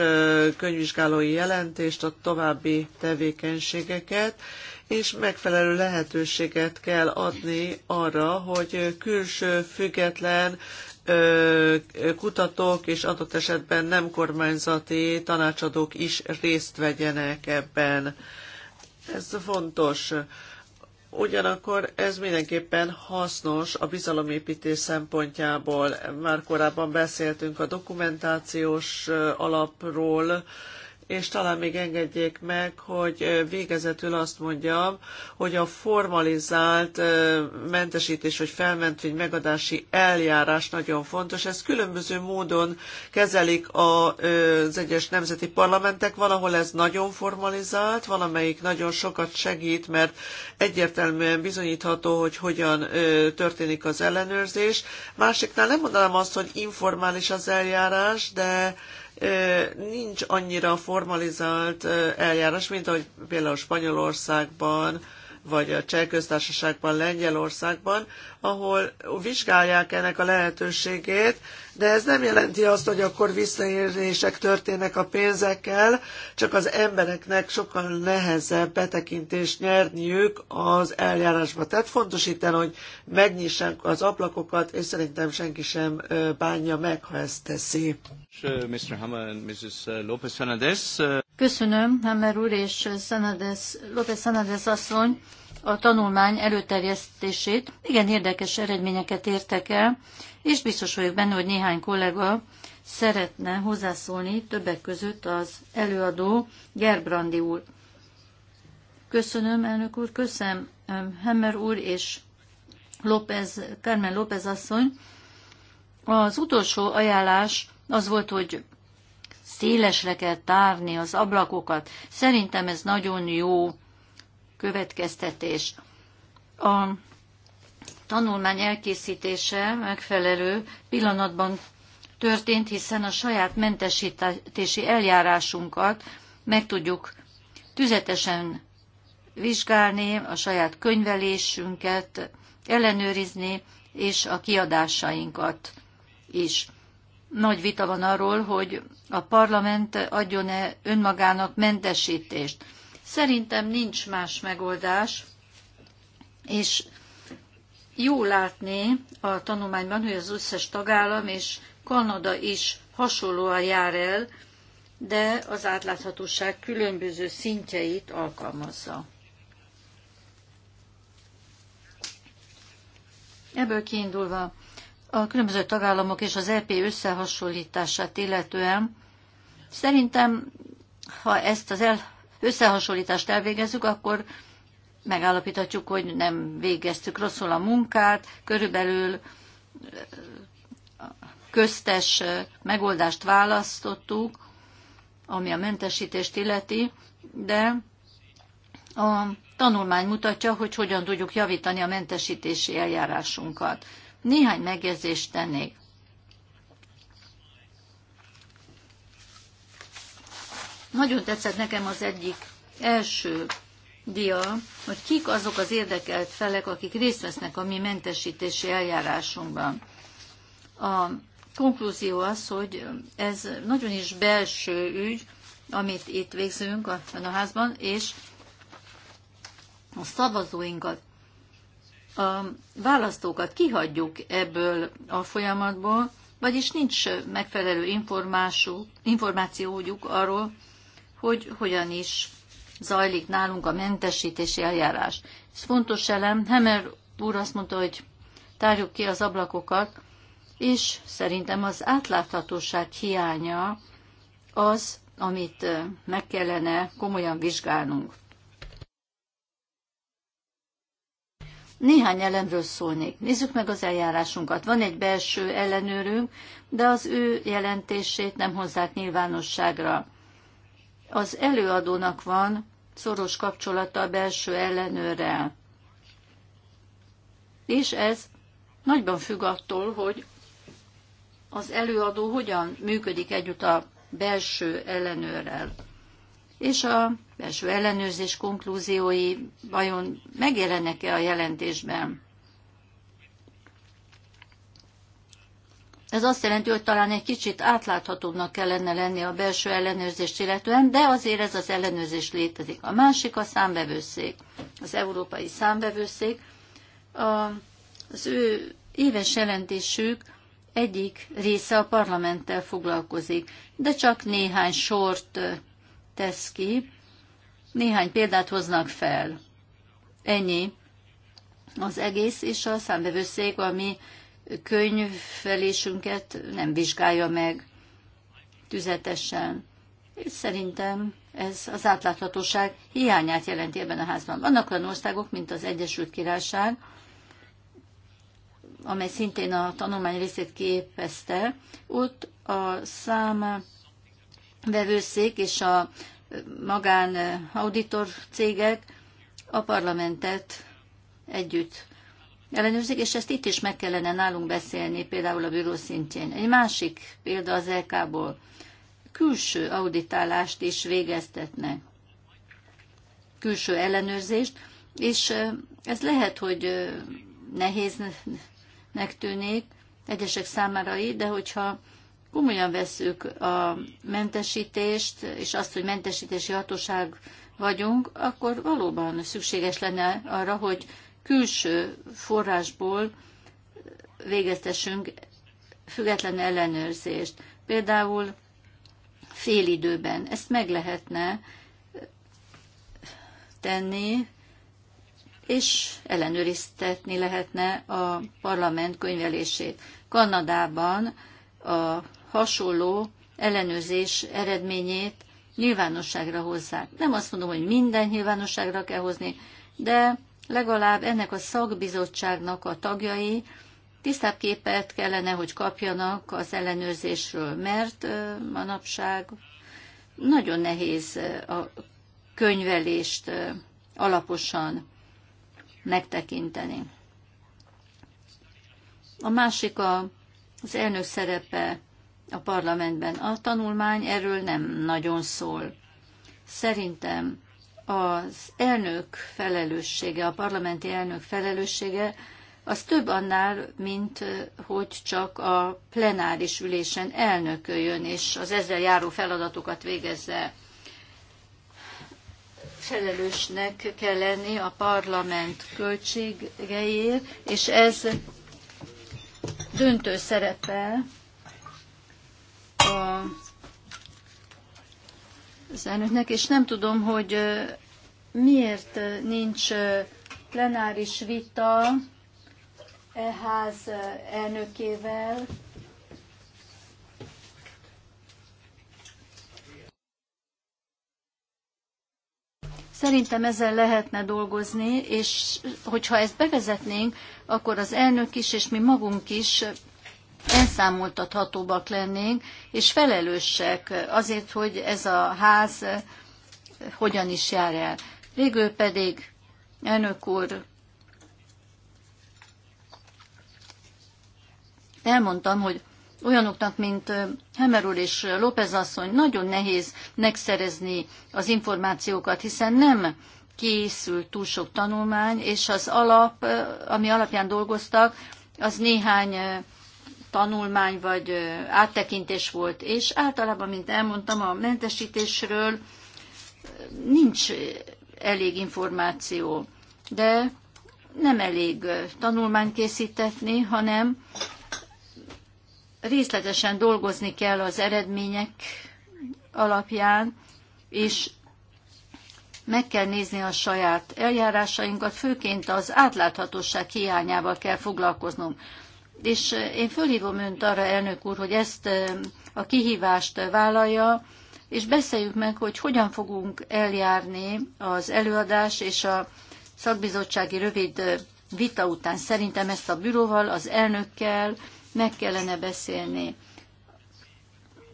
könyvvizsgálói jelentést, a további tevékenységeket, és megfelelő lehetőséget kell adni arra, hogy külső, független kutatók és adott esetben nem kormányzati tanácsadók is részt vegyenek ebben. Ez fontos. Ugyanakkor ez mindenképpen hasznos a bizalomépítés szempontjából. Már korábban beszéltünk a dokumentációs alapról, és talán még engedjék meg, hogy végezetül azt mondjam, hogy a formalizált mentesítés vagy felmentvény megadási eljárás nagyon fontos. Ez különböző módon kezelik az egyes nemzeti parlamentek, valahol ez nagyon formalizált, valamelyik nagyon sokat segít, mert egyértelműen bizonyítható, hogy hogyan történik az ellenőrzés. Másiknál nem mondanám azt, hogy informális az eljárás, de nincs annyira formalizált eljárás, mint ahogy például Spanyolországban, vagy a Cseh köztársaságban, Lengyelországban, ahol vizsgálják ennek a lehetőségét, de ez nem jelenti azt, hogy akkor visszaérések történnek a pénzekkel, csak az embereknek sokkal nehezebb betekintést nyerniük az eljárásba. Tehát fontos itt, hogy megnyissák az ablakokat, és szerintem senki sem bánja meg, ha ezt teszi. Köszönöm, Hammer úr és López Sanades. asszony a tanulmány előterjesztését. Igen érdekes eredményeket értek el, és biztos vagyok benne, hogy néhány kollega szeretne hozzászólni, többek között az előadó Gerbrandi úr. Köszönöm, elnök úr, köszönöm um, Hemmer úr és López, Carmen López asszony. Az utolsó ajánlás az volt, hogy szélesre kell tárni az ablakokat. Szerintem ez nagyon jó következtetés. A tanulmány elkészítése megfelelő pillanatban történt, hiszen a saját mentesítési eljárásunkat meg tudjuk tüzetesen vizsgálni, a saját könyvelésünket ellenőrizni, és a kiadásainkat is. Nagy vita van arról, hogy a parlament adjon-e önmagának mentesítést. Szerintem nincs más megoldás, és jó látni a tanulmányban, hogy az összes tagállam és Kanada is hasonlóan jár el, de az átláthatóság különböző szintjeit alkalmazza. Ebből kiindulva a különböző tagállamok és az EP összehasonlítását illetően szerintem, ha ezt az el összehasonlítást elvégezzük, akkor megállapíthatjuk, hogy nem végeztük rosszul a munkát, körülbelül köztes megoldást választottuk, ami a mentesítést illeti, de a tanulmány mutatja, hogy hogyan tudjuk javítani a mentesítési eljárásunkat. Néhány megjegyzést tennék. Nagyon tetszett nekem az egyik első dia, hogy kik azok az érdekelt felek, akik részt vesznek a mi mentesítési eljárásunkban. A konklúzió az, hogy ez nagyon is belső ügy, amit itt végzünk a, a házban, és a szavazóinkat, a választókat kihagyjuk ebből a folyamatból, vagyis nincs megfelelő információjuk arról, hogy hogyan is zajlik nálunk a mentesítési eljárás. Ez fontos elem. Hemer úr azt mondta, hogy tárjuk ki az ablakokat, és szerintem az átláthatóság hiánya az, amit meg kellene komolyan vizsgálnunk. Néhány elemről szólnék. Nézzük meg az eljárásunkat. Van egy belső ellenőrünk, de az ő jelentését nem hozzák nyilvánosságra. Az előadónak van szoros kapcsolata a belső ellenőrrel. És ez nagyban függ attól, hogy az előadó hogyan működik együtt a belső ellenőrrel. És a belső ellenőrzés konklúziói vajon megjelennek-e a jelentésben? Ez azt jelenti, hogy talán egy kicsit átláthatóbbnak kellene lenni a belső ellenőrzést illetően, de azért ez az ellenőrzés létezik. A másik a számbevőszék, az európai számbevőszék. Az ő éves jelentésük egyik része a parlamenttel foglalkozik, de csak néhány sort tesz ki, néhány példát hoznak fel. Ennyi az egész, és a számbevőszék, ami könyvfelésünket nem vizsgálja meg tüzetesen. És szerintem ez az átláthatóság hiányát jelenti ebben a házban. Vannak olyan országok, mint az Egyesült Királyság, amely szintén a tanulmány részét képezte, ott a szám vevőszék és a magán auditor cégek a parlamentet együtt ellenőrzik, és ezt itt is meg kellene nálunk beszélni, például a bűró szintjén. Egy másik példa az LK-ból. Külső auditálást is végeztetnek, külső ellenőrzést, és ez lehet, hogy nehéznek tűnik egyesek számára így, de hogyha komolyan veszük a mentesítést, és azt, hogy mentesítési hatóság vagyunk, akkor valóban szükséges lenne arra, hogy külső forrásból végeztessünk független ellenőrzést. Például fél időben. Ezt meg lehetne tenni, és ellenőriztetni lehetne a parlament könyvelését. Kanadában a hasonló ellenőrzés eredményét nyilvánosságra hozzák. Nem azt mondom, hogy minden nyilvánosságra kell hozni, de legalább ennek a szakbizottságnak a tagjai tisztább képet kellene, hogy kapjanak az ellenőrzésről, mert manapság nagyon nehéz a könyvelést alaposan megtekinteni. A másik a, az elnök szerepe a parlamentben. A tanulmány erről nem nagyon szól. Szerintem az elnök felelőssége, a parlamenti elnök felelőssége, az több annál, mint hogy csak a plenáris ülésen elnököljön, és az ezzel járó feladatokat végezze. Felelősnek kell lenni a parlament költségeiért, és ez döntő szerepe a az elnöknek, és nem tudom, hogy miért nincs plenáris vita e ház elnökével, Szerintem ezzel lehetne dolgozni, és hogyha ezt bevezetnénk, akkor az elnök is, és mi magunk is elszámoltathatóbbak lennénk, és felelősek azért, hogy ez a ház hogyan is jár el. Végül pedig, elnök úr, elmondtam, hogy olyanoknak, mint Hemer úr és López asszony, nagyon nehéz megszerezni az információkat, hiszen nem készült túl sok tanulmány, és az alap, ami alapján dolgoztak, az néhány tanulmány vagy áttekintés volt, és általában, mint elmondtam, a mentesítésről nincs elég információ, de nem elég tanulmány készítetni, hanem részletesen dolgozni kell az eredmények alapján, és meg kell nézni a saját eljárásainkat, főként az átláthatóság hiányával kell foglalkoznunk. És én fölhívom önt arra, elnök úr, hogy ezt a kihívást vállalja, és beszéljük meg, hogy hogyan fogunk eljárni az előadás és a szakbizottsági rövid vita után. Szerintem ezt a büróval, az elnökkel meg kellene beszélni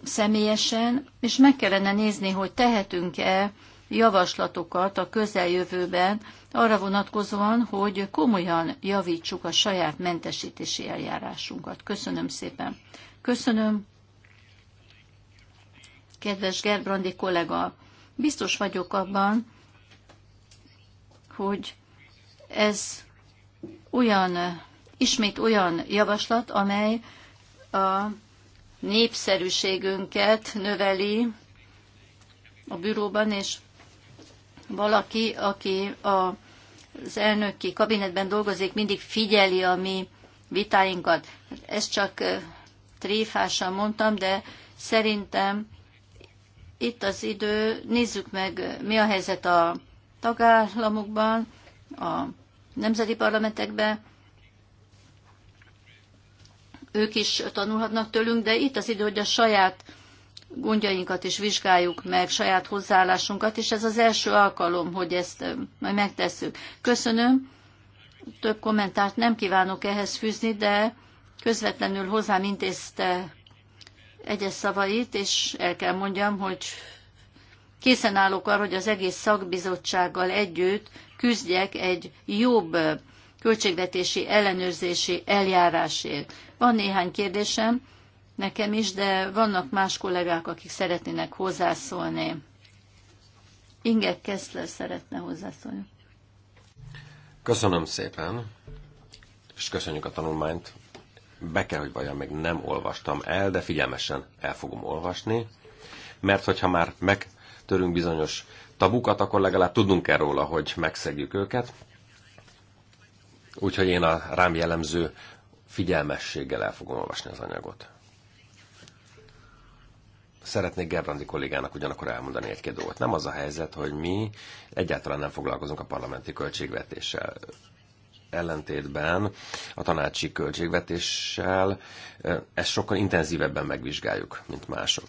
személyesen, és meg kellene nézni, hogy tehetünk-e javaslatokat a közeljövőben arra vonatkozóan, hogy komolyan javítsuk a saját mentesítési eljárásunkat. Köszönöm szépen. Köszönöm, kedves Gerbrandi kollega. Biztos vagyok abban, hogy ez olyan, ismét olyan javaslat, amely a népszerűségünket növeli a büróban, és valaki, aki a az elnöki kabinetben dolgozik, mindig figyeli a mi vitáinkat. Ezt csak tréfásan mondtam, de szerintem itt az idő, nézzük meg, mi a helyzet a tagállamokban, a nemzeti parlamentekben, ők is tanulhatnak tőlünk, de itt az idő, hogy a saját gondjainkat is vizsgáljuk meg, saját hozzáállásunkat, és ez az első alkalom, hogy ezt majd megtesszük. Köszönöm, több kommentárt nem kívánok ehhez fűzni, de közvetlenül hozzám intézte egyes szavait, és el kell mondjam, hogy készen állok arra, hogy az egész szakbizottsággal együtt küzdjek egy jobb költségvetési ellenőrzési eljárásért. Van néhány kérdésem, nekem is, de vannak más kollégák, akik szeretnének hozzászólni. Inge Kessler szeretne hozzászólni. Köszönöm szépen, és köszönjük a tanulmányt. Be kell, hogy vajon még nem olvastam el, de figyelmesen el fogom olvasni, mert hogyha már megtörünk bizonyos tabukat, akkor legalább tudnunk kell róla, hogy megszegjük őket. Úgyhogy én a rám jellemző figyelmességgel el fogom olvasni az anyagot szeretnék Gerbrandi kollégának ugyanakkor elmondani egy-két dolgot. Nem az a helyzet, hogy mi egyáltalán nem foglalkozunk a parlamenti költségvetéssel ellentétben a tanácsi költségvetéssel ezt sokkal intenzívebben megvizsgáljuk, mint mások.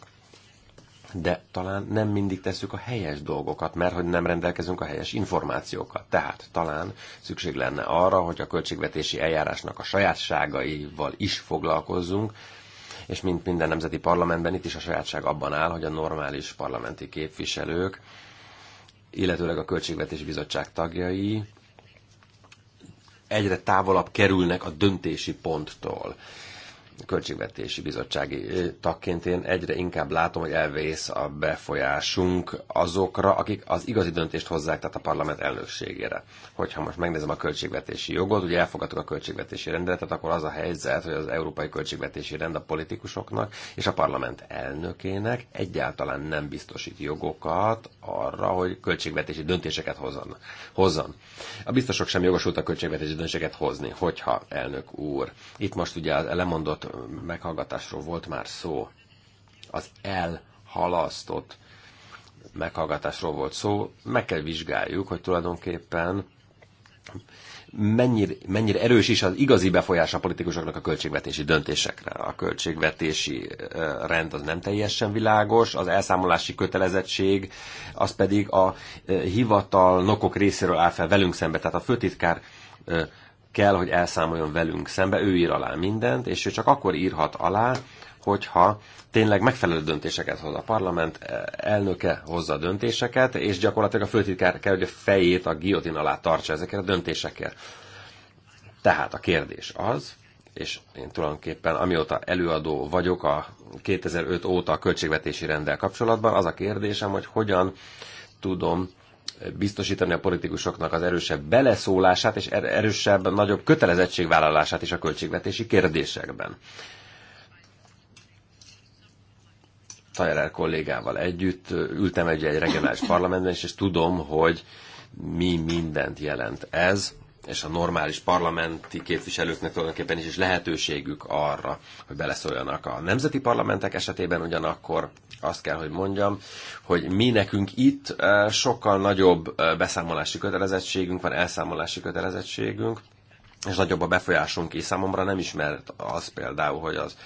De talán nem mindig tesszük a helyes dolgokat, mert hogy nem rendelkezünk a helyes információkkal. Tehát talán szükség lenne arra, hogy a költségvetési eljárásnak a sajátságaival is foglalkozzunk, és mint minden nemzeti parlamentben itt is a sajátság abban áll, hogy a normális parlamenti képviselők, illetőleg a Költségvetési Bizottság tagjai egyre távolabb kerülnek a döntési ponttól költségvetési bizottsági tagként én egyre inkább látom, hogy elvész a befolyásunk azokra, akik az igazi döntést hozzák, tehát a parlament elnökségére. Hogyha most megnézem a költségvetési jogot, ugye elfogadtuk a költségvetési rendeletet, akkor az a helyzet, hogy az európai költségvetési rend a politikusoknak és a parlament elnökének egyáltalán nem biztosít jogokat arra, hogy költségvetési döntéseket hozzon. hozzon. A biztosok sem jogosult a költségvetési döntéseket hozni, hogyha elnök úr. Itt most ugye lemondott meghallgatásról volt már szó. Az elhalasztott meghallgatásról volt szó. Meg kell vizsgáljuk, hogy tulajdonképpen mennyire, mennyire erős is az igazi befolyás a politikusoknak a költségvetési döntésekre. A költségvetési rend az nem teljesen világos, az elszámolási kötelezettség az pedig a hivatal nokok részéről áll fel velünk szembe, tehát a főtitkár kell, hogy elszámoljon velünk szembe, ő ír alá mindent, és ő csak akkor írhat alá, hogyha tényleg megfelelő döntéseket hoz a parlament, e, elnöke hozza a döntéseket, és gyakorlatilag a főtitkár kell, hogy a fejét a giotin alá tartsa ezeket a döntésekkel. Tehát a kérdés az, és én tulajdonképpen amióta előadó vagyok a 2005 óta a költségvetési rendel kapcsolatban, az a kérdésem, hogy hogyan tudom biztosítani a politikusoknak az erősebb beleszólását és er- erősebb, nagyobb kötelezettségvállalását is a költségvetési kérdésekben. Tajerer kollégával együtt ültem egy, egy regionális parlamentben, és, és tudom, hogy mi mindent jelent ez és a normális parlamenti képviselőknek tulajdonképpen is, is lehetőségük arra, hogy beleszóljanak a nemzeti parlamentek esetében, ugyanakkor azt kell, hogy mondjam, hogy mi nekünk itt eh, sokkal nagyobb eh, beszámolási kötelezettségünk van, elszámolási kötelezettségünk, és nagyobb a befolyásunk is. Számomra nem ismert az például, hogy az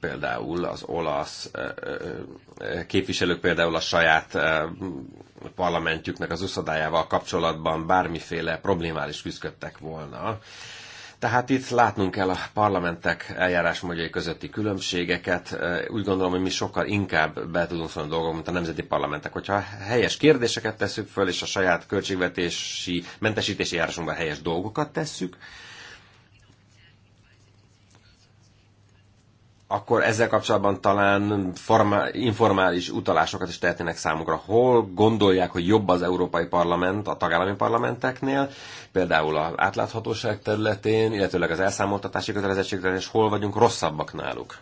például az olasz képviselők például a saját parlamentjüknek az uszodájával kapcsolatban bármiféle problémával is küzdöttek volna. Tehát itt látnunk kell a parlamentek eljárásmódjai közötti különbségeket. Úgy gondolom, hogy mi sokkal inkább be tudunk szólni dolgok, mint a nemzeti parlamentek. Hogyha helyes kérdéseket tesszük föl, és a saját költségvetési mentesítési járásunkban helyes dolgokat tesszük, akkor ezzel kapcsolatban talán formál, informális utalásokat is tehetnének számukra, Hol gondolják, hogy jobb az Európai Parlament a tagállami parlamenteknél, például az átláthatóság területén, illetőleg az elszámoltatási kötelezettség területén, és hol vagyunk rosszabbak náluk?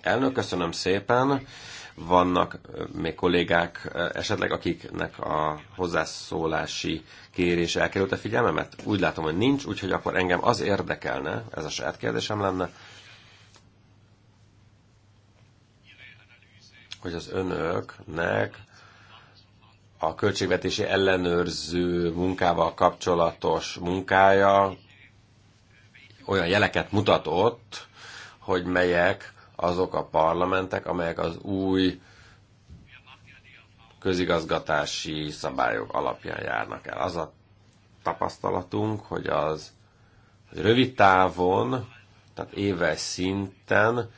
Elnök, köszönöm szépen. Vannak még kollégák esetleg, akiknek a hozzászólási kérés elkerült a figyelmemet? Úgy látom, hogy nincs, úgyhogy akkor engem az érdekelne, ez a saját kérdésem lenne, hogy az önöknek a költségvetési ellenőrző munkával kapcsolatos munkája olyan jeleket mutatott, hogy melyek azok a parlamentek, amelyek az új közigazgatási szabályok alapján járnak el. Az a tapasztalatunk, hogy az hogy rövid távon, tehát éves szinten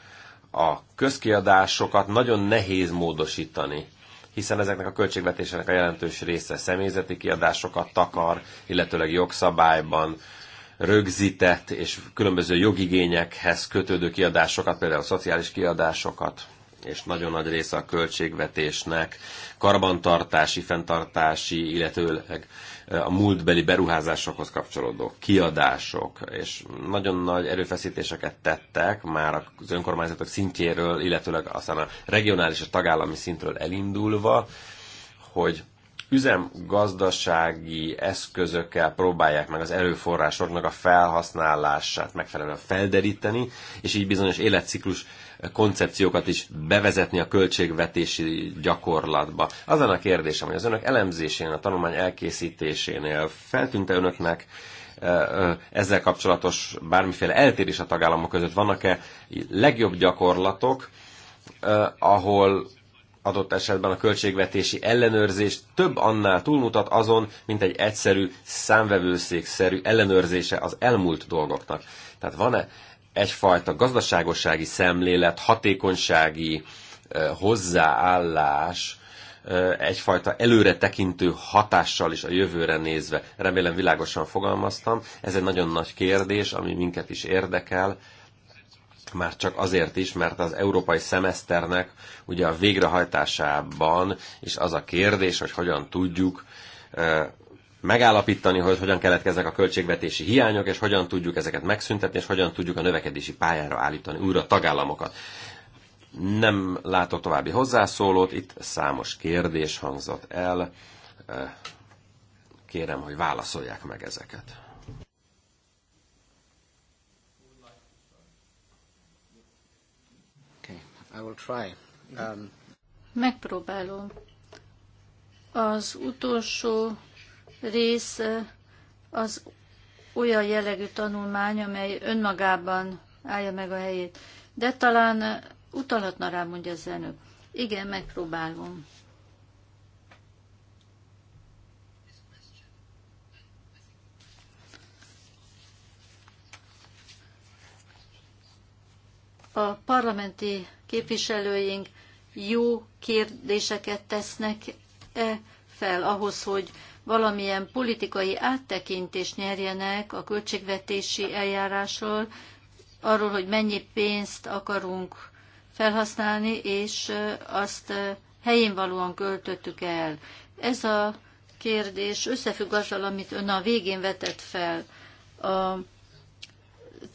a közkiadásokat nagyon nehéz módosítani, hiszen ezeknek a költségvetésének a jelentős része személyzeti kiadásokat takar, illetőleg jogszabályban rögzített és különböző jogigényekhez kötődő kiadásokat, például a szociális kiadásokat, és nagyon nagy része a költségvetésnek karbantartási, fenntartási, illetőleg a múltbeli beruházásokhoz kapcsolódó kiadások, és nagyon nagy erőfeszítéseket tettek már az önkormányzatok szintjéről, illetőleg aztán a regionális és tagállami szintről elindulva, hogy üzemgazdasági eszközökkel próbálják meg az erőforrásoknak a felhasználását megfelelően felderíteni, és így bizonyos életciklus koncepciókat is bevezetni a költségvetési gyakorlatba. Az a kérdésem, hogy az önök elemzésén, a tanulmány elkészítésénél e önöknek ezzel kapcsolatos bármiféle eltérés a tagállamok között? Vannak-e legjobb gyakorlatok, e, ahol adott esetben a költségvetési ellenőrzés több annál túlmutat azon, mint egy egyszerű számvevőszékszerű ellenőrzése az elmúlt dolgoknak. Tehát van-e egyfajta gazdaságossági szemlélet, hatékonysági hozzáállás, egyfajta előretekintő hatással is a jövőre nézve. Remélem világosan fogalmaztam. Ez egy nagyon nagy kérdés, ami minket is érdekel. Már csak azért is, mert az európai szemeszternek ugye a végrehajtásában is az a kérdés, hogy hogyan tudjuk megállapítani, hogy hogyan keletkeznek a költségvetési hiányok, és hogyan tudjuk ezeket megszüntetni, és hogyan tudjuk a növekedési pályára állítani újra a tagállamokat. Nem látok további hozzászólót, itt számos kérdés hangzott el. Kérem, hogy válaszolják meg ezeket. Okay, I will try. Um... Megpróbálom. Az utolsó rész az olyan jellegű tanulmány, amely önmagában állja meg a helyét. De talán utalhatna rá, mondja az elnök. Igen, megpróbálom. A parlamenti képviselőink jó kérdéseket tesznek -e fel ahhoz, hogy valamilyen politikai áttekintést nyerjenek a költségvetési eljárásról, arról, hogy mennyi pénzt akarunk felhasználni, és azt helyén valóan költöttük el. Ez a kérdés összefügg azzal, amit ön a végén vetett fel. A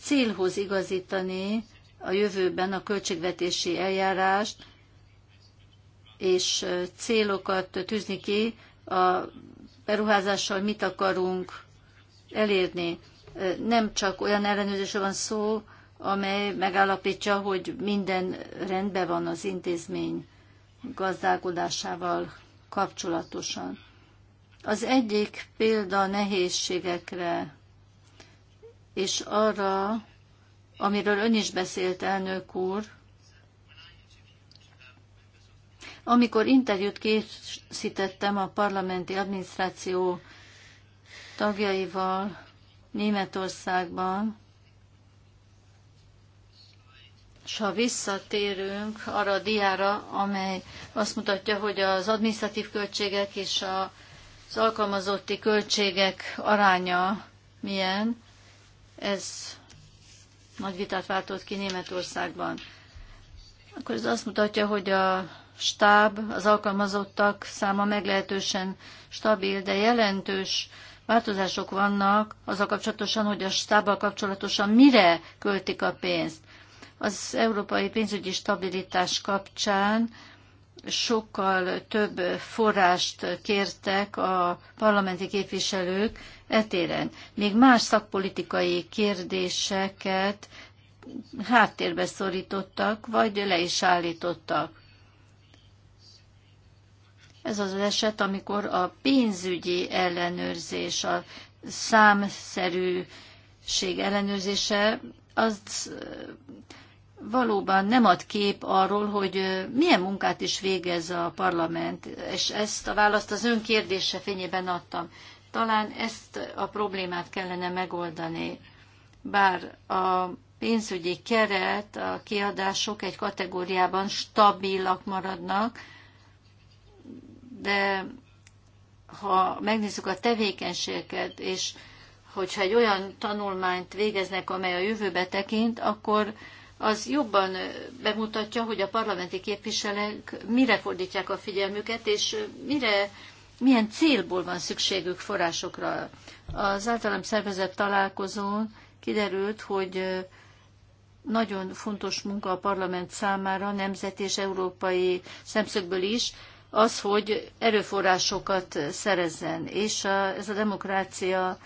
célhoz igazítani a jövőben a költségvetési eljárást, és célokat tűzni ki a beruházással mit akarunk elérni. Nem csak olyan ellenőrzésre van szó, amely megállapítja, hogy minden rendben van az intézmény gazdálkodásával kapcsolatosan. Az egyik példa nehézségekre, és arra, amiről ön is beszélt, elnök úr, amikor interjút készítettem a parlamenti adminisztráció tagjaival Németországban, és ha visszatérünk arra a diára, amely azt mutatja, hogy az adminisztratív költségek és az alkalmazotti költségek aránya milyen, ez nagy vitát váltott ki Németországban. Akkor ez azt mutatja, hogy a stáb, az alkalmazottak száma meglehetősen stabil, de jelentős változások vannak azzal kapcsolatosan, hogy a stábbal kapcsolatosan mire költik a pénzt. Az európai pénzügyi stabilitás kapcsán sokkal több forrást kértek a parlamenti képviselők etéren. Még más szakpolitikai kérdéseket háttérbe szorítottak, vagy le is állítottak. Ez az eset, amikor a pénzügyi ellenőrzés, a számszerűség ellenőrzése, az valóban nem ad kép arról, hogy milyen munkát is végez a parlament, és ezt a választ az ön kérdése fényében adtam. Talán ezt a problémát kellene megoldani. Bár a pénzügyi keret, a kiadások egy kategóriában stabilak maradnak, de ha megnézzük a tevékenységeket, és hogyha egy olyan tanulmányt végeznek, amely a jövőbe tekint, akkor az jobban bemutatja, hogy a parlamenti képviselők mire fordítják a figyelmüket, és mire, milyen célból van szükségük forrásokra. Az általam szervezett találkozón kiderült, hogy nagyon fontos munka a parlament számára, nemzeti és európai szemszögből is, az, hogy erőforrásokat szerezzen. És a, ez a demokrácia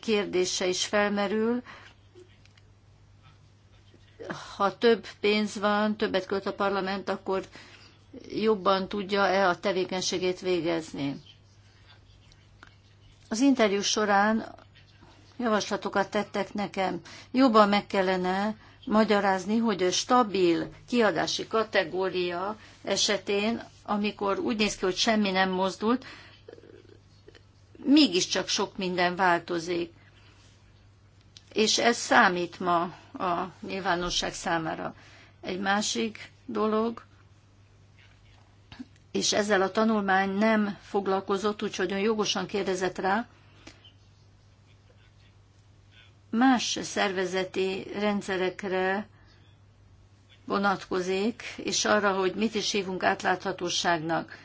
kérdése is felmerül. Ha több pénz van, többet költ a parlament, akkor jobban tudja-e a tevékenységét végezni. Az interjú során javaslatokat tettek nekem. Jobban meg kellene magyarázni, hogy a stabil kiadási kategória esetén amikor úgy néz ki, hogy semmi nem mozdult, mégiscsak sok minden változik. És ez számít ma a nyilvánosság számára. Egy másik dolog, és ezzel a tanulmány nem foglalkozott, úgyhogy ön jogosan kérdezett rá, más szervezeti rendszerekre vonatkozik, és arra, hogy mit is hívunk átláthatóságnak.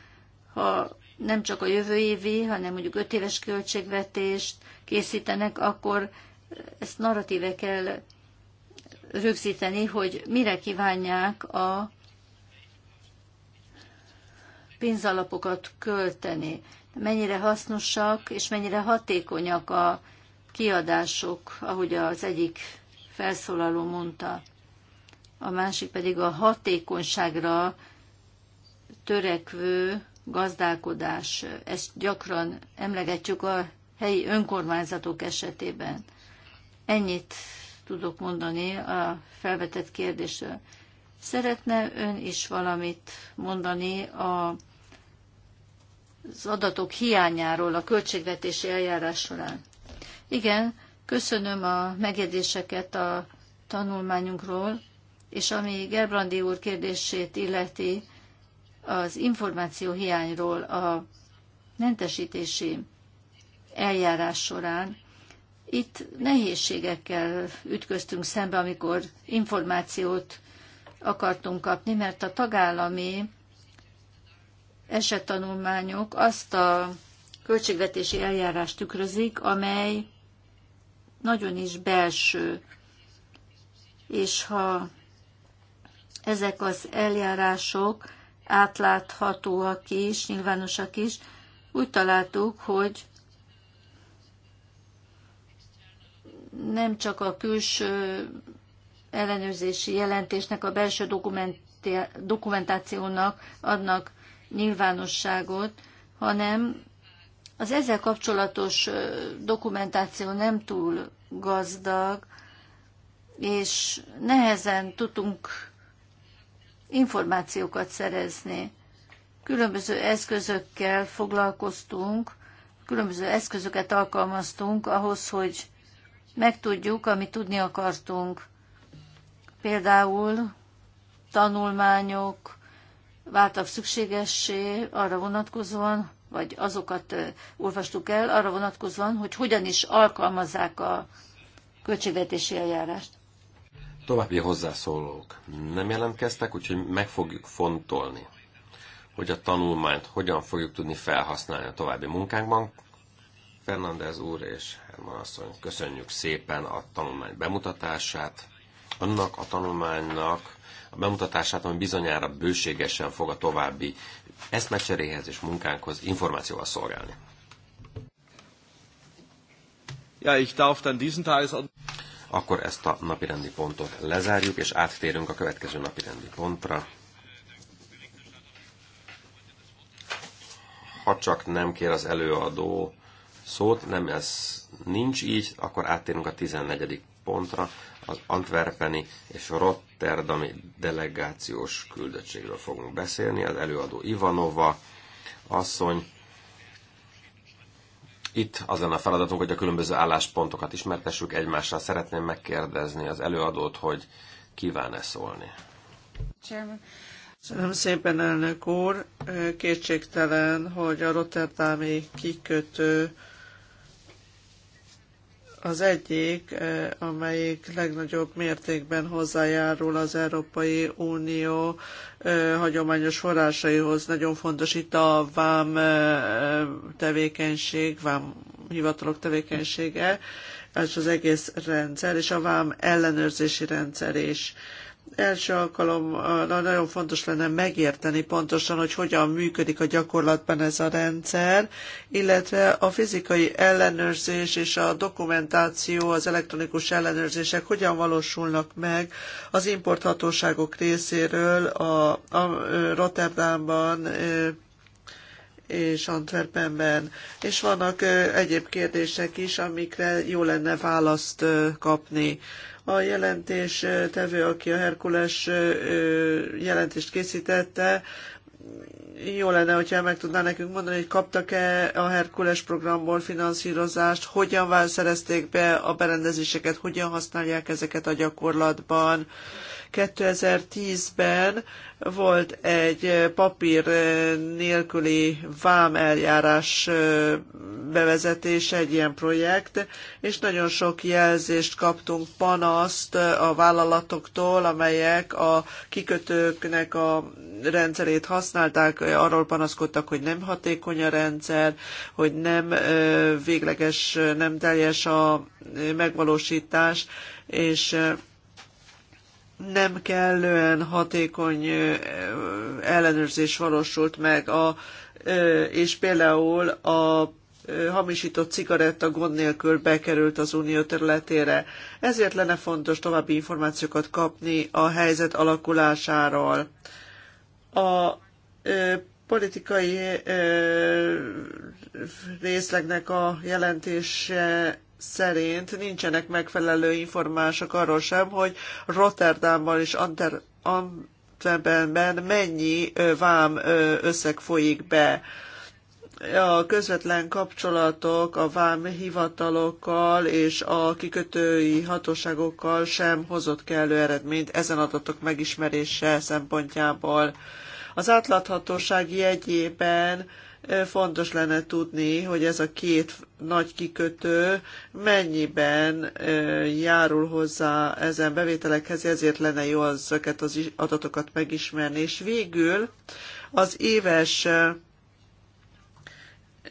Ha nem csak a jövő évi, hanem mondjuk öt éves költségvetést készítenek, akkor ezt narratíve kell rögzíteni, hogy mire kívánják a pénzalapokat költeni, mennyire hasznosak és mennyire hatékonyak a kiadások, ahogy az egyik felszólaló mondta a másik pedig a hatékonyságra törekvő gazdálkodás. Ezt gyakran emlegetjük a helyi önkormányzatok esetében. Ennyit tudok mondani a felvetett kérdésről. Szeretne ön is valamit mondani a, az adatok hiányáról a költségvetési eljárás során? Igen, köszönöm a megjegyzéseket a tanulmányunkról. És ami Gerbrandi úr kérdését illeti, az információ hiányról a mentesítési eljárás során, itt nehézségekkel ütköztünk szembe, amikor információt akartunk kapni, mert a tagállami esettanulmányok azt a költségvetési eljárást tükrözik, amely nagyon is belső. És ha ezek az eljárások átláthatóak is, nyilvánosak is. Úgy találtuk, hogy nem csak a külső ellenőrzési jelentésnek, a belső dokumentációnak adnak nyilvánosságot, hanem az ezzel kapcsolatos dokumentáció nem túl gazdag, és nehezen tudtunk információkat szerezni. Különböző eszközökkel foglalkoztunk, különböző eszközöket alkalmaztunk ahhoz, hogy megtudjuk, amit tudni akartunk. Például tanulmányok váltak szükségessé arra vonatkozóan, vagy azokat olvastuk el arra vonatkozóan, hogy hogyan is alkalmazzák a költségvetési eljárást. További hozzászólók nem jelentkeztek, úgyhogy meg fogjuk fontolni, hogy a tanulmányt hogyan fogjuk tudni felhasználni a további munkánkban. Fernández úr és Herman asszony, köszönjük szépen a tanulmány bemutatását. Annak a tanulmánynak a bemutatását, ami bizonyára bőségesen fog a további eszmecseréhez és munkánkhoz információval szolgálni. Ja, ich darf dann diesen Tagesordnungspunkt akkor ezt a napirendi pontot lezárjuk, és áttérünk a következő napirendi pontra. Ha csak nem kér az előadó szót, nem ez nincs így, akkor áttérünk a 14. pontra, az Antwerpeni és Rotterdami delegációs küldöttségről fogunk beszélni. Az előadó Ivanova asszony itt az lenne a feladatunk, hogy a különböző álláspontokat ismertessük egymással. Szeretném megkérdezni az előadót, hogy kíván-e szólni. Chairman. Köszönöm szépen, elnök úr. Kétségtelen, hogy a Rotterdami kikötő az egyik, amelyik legnagyobb mértékben hozzájárul az Európai Unió hagyományos forrásaihoz. Nagyon fontos itt a vám tevékenység, vám hivatalok tevékenysége, és az egész rendszer, és a vám ellenőrzési rendszer is első alkalommal nagyon fontos lenne megérteni pontosan, hogy hogyan működik a gyakorlatban ez a rendszer, illetve a fizikai ellenőrzés és a dokumentáció, az elektronikus ellenőrzések hogyan valósulnak meg az importhatóságok részéről a, a Rotterdamban és Antwerpenben, és vannak egyéb kérdések is, amikre jó lenne választ kapni. A jelentés tevő, aki a Herkules jelentést készítette, jó lenne, hogyha meg tudná nekünk mondani, hogy kaptak-e a Herkules programból finanszírozást, hogyan szerezték be a berendezéseket, hogyan használják ezeket a gyakorlatban, 2010-ben volt egy papír nélküli vám eljárás bevezetése, egy ilyen projekt, és nagyon sok jelzést kaptunk, panaszt a vállalatoktól, amelyek a kikötőknek a rendszerét használták, arról panaszkodtak, hogy nem hatékony a rendszer, hogy nem végleges, nem teljes a megvalósítás, és nem kellően hatékony ellenőrzés valósult meg, a, és például a hamisított cigaretta gond nélkül bekerült az unió területére. Ezért lenne fontos további információkat kapni a helyzet alakulásáról. A ö, politikai ö, részlegnek a jelentése szerint nincsenek megfelelő információk arról sem, hogy Rotterdamban és Antwerpenben mennyi vám összeg folyik be. A közvetlen kapcsolatok a vám hivatalokkal és a kikötői hatóságokkal sem hozott kellő eredményt ezen adatok megismerése szempontjából. Az átláthatóság jegyében Fontos lenne tudni, hogy ez a két nagy kikötő mennyiben járul hozzá ezen bevételekhez, ezért lenne jó ezeket az adatokat megismerni. És végül az éves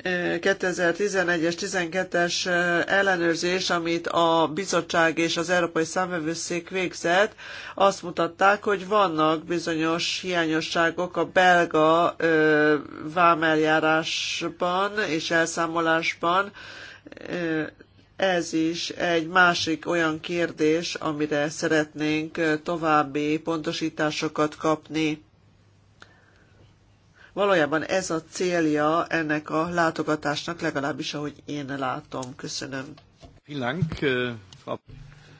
2011-es 12-es ellenőrzés, amit a bizottság és az Európai Számvevőszék végzett, azt mutatták, hogy vannak bizonyos hiányosságok a belga vámeljárásban és elszámolásban. Ez is egy másik olyan kérdés, amire szeretnénk további pontosításokat kapni. Valójában ez a célja ennek a látogatásnak, legalábbis ahogy én látom. Köszönöm. Äh,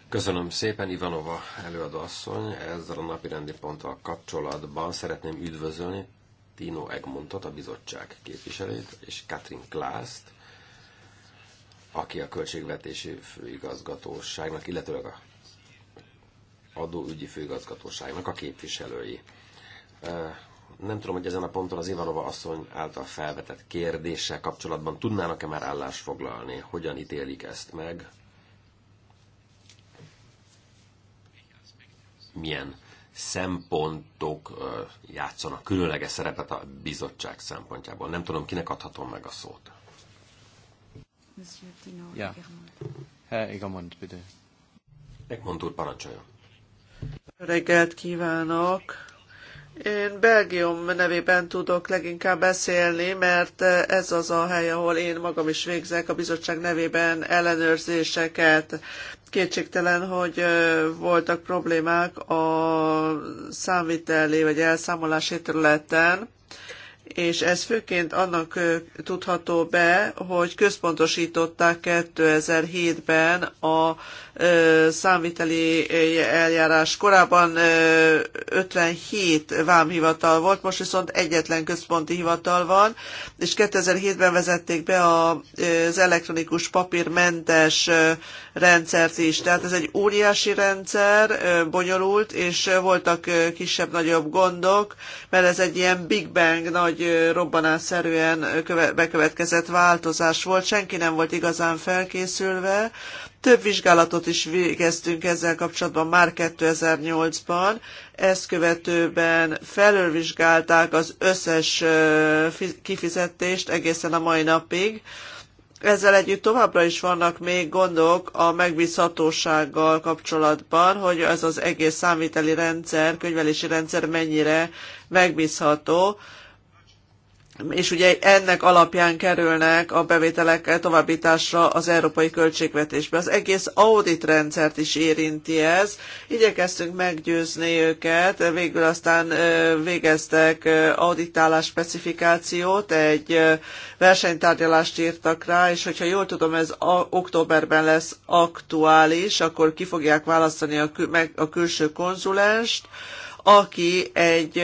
Köszönöm szépen, Ivanova előadóasszony. Ezzel a napi rendi ponttal kapcsolatban szeretném üdvözölni Tino Egmontot, a bizottság képviselőt, és Katrin Klászt, aki a Költségvetési Főigazgatóságnak, illetőleg a Adóügyi Főigazgatóságnak a képviselői nem tudom, hogy ezen a ponton az Ivanova asszony által felvetett kérdéssel kapcsolatban tudnának-e már állást foglalni, hogyan ítélik ezt meg, milyen szempontok játszanak különleges szerepet a bizottság szempontjából. Nem tudom, kinek adhatom meg a szót. Ja. Herr Egmond úr, parancsoljon. Reggelt kívánok! Én Belgium nevében tudok leginkább beszélni, mert ez az a hely, ahol én magam is végzek a bizottság nevében ellenőrzéseket. Kétségtelen, hogy voltak problémák a számviteli vagy elszámolási területen és ez főként annak tudható be, hogy központosították 2007-ben a számviteli eljárás. Korábban 57 vámhivatal volt, most viszont egyetlen központi hivatal van, és 2007-ben vezették be az elektronikus papírmentes rendszert is. Tehát ez egy óriási rendszer, bonyolult, és voltak kisebb-nagyobb gondok, mert ez egy ilyen Big Bang nagy egy robbanásszerűen bekövetkezett változás volt, senki nem volt igazán felkészülve. Több vizsgálatot is végeztünk ezzel kapcsolatban már 2008-ban, ezt követőben felülvizsgálták az összes kifizetést egészen a mai napig. Ezzel együtt továbbra is vannak még gondok a megbízhatósággal kapcsolatban, hogy ez az egész számviteli rendszer, könyvelési rendszer mennyire megbízható és ugye ennek alapján kerülnek a bevételek továbbításra az európai költségvetésbe. Az egész rendszert is érinti ez. Igyekeztünk meggyőzni őket, végül aztán végeztek auditálás specifikációt, egy versenytárgyalást írtak rá, és hogyha jól tudom, ez a, októberben lesz aktuális, akkor ki fogják választani a, kül, meg, a külső konzulenst, aki egy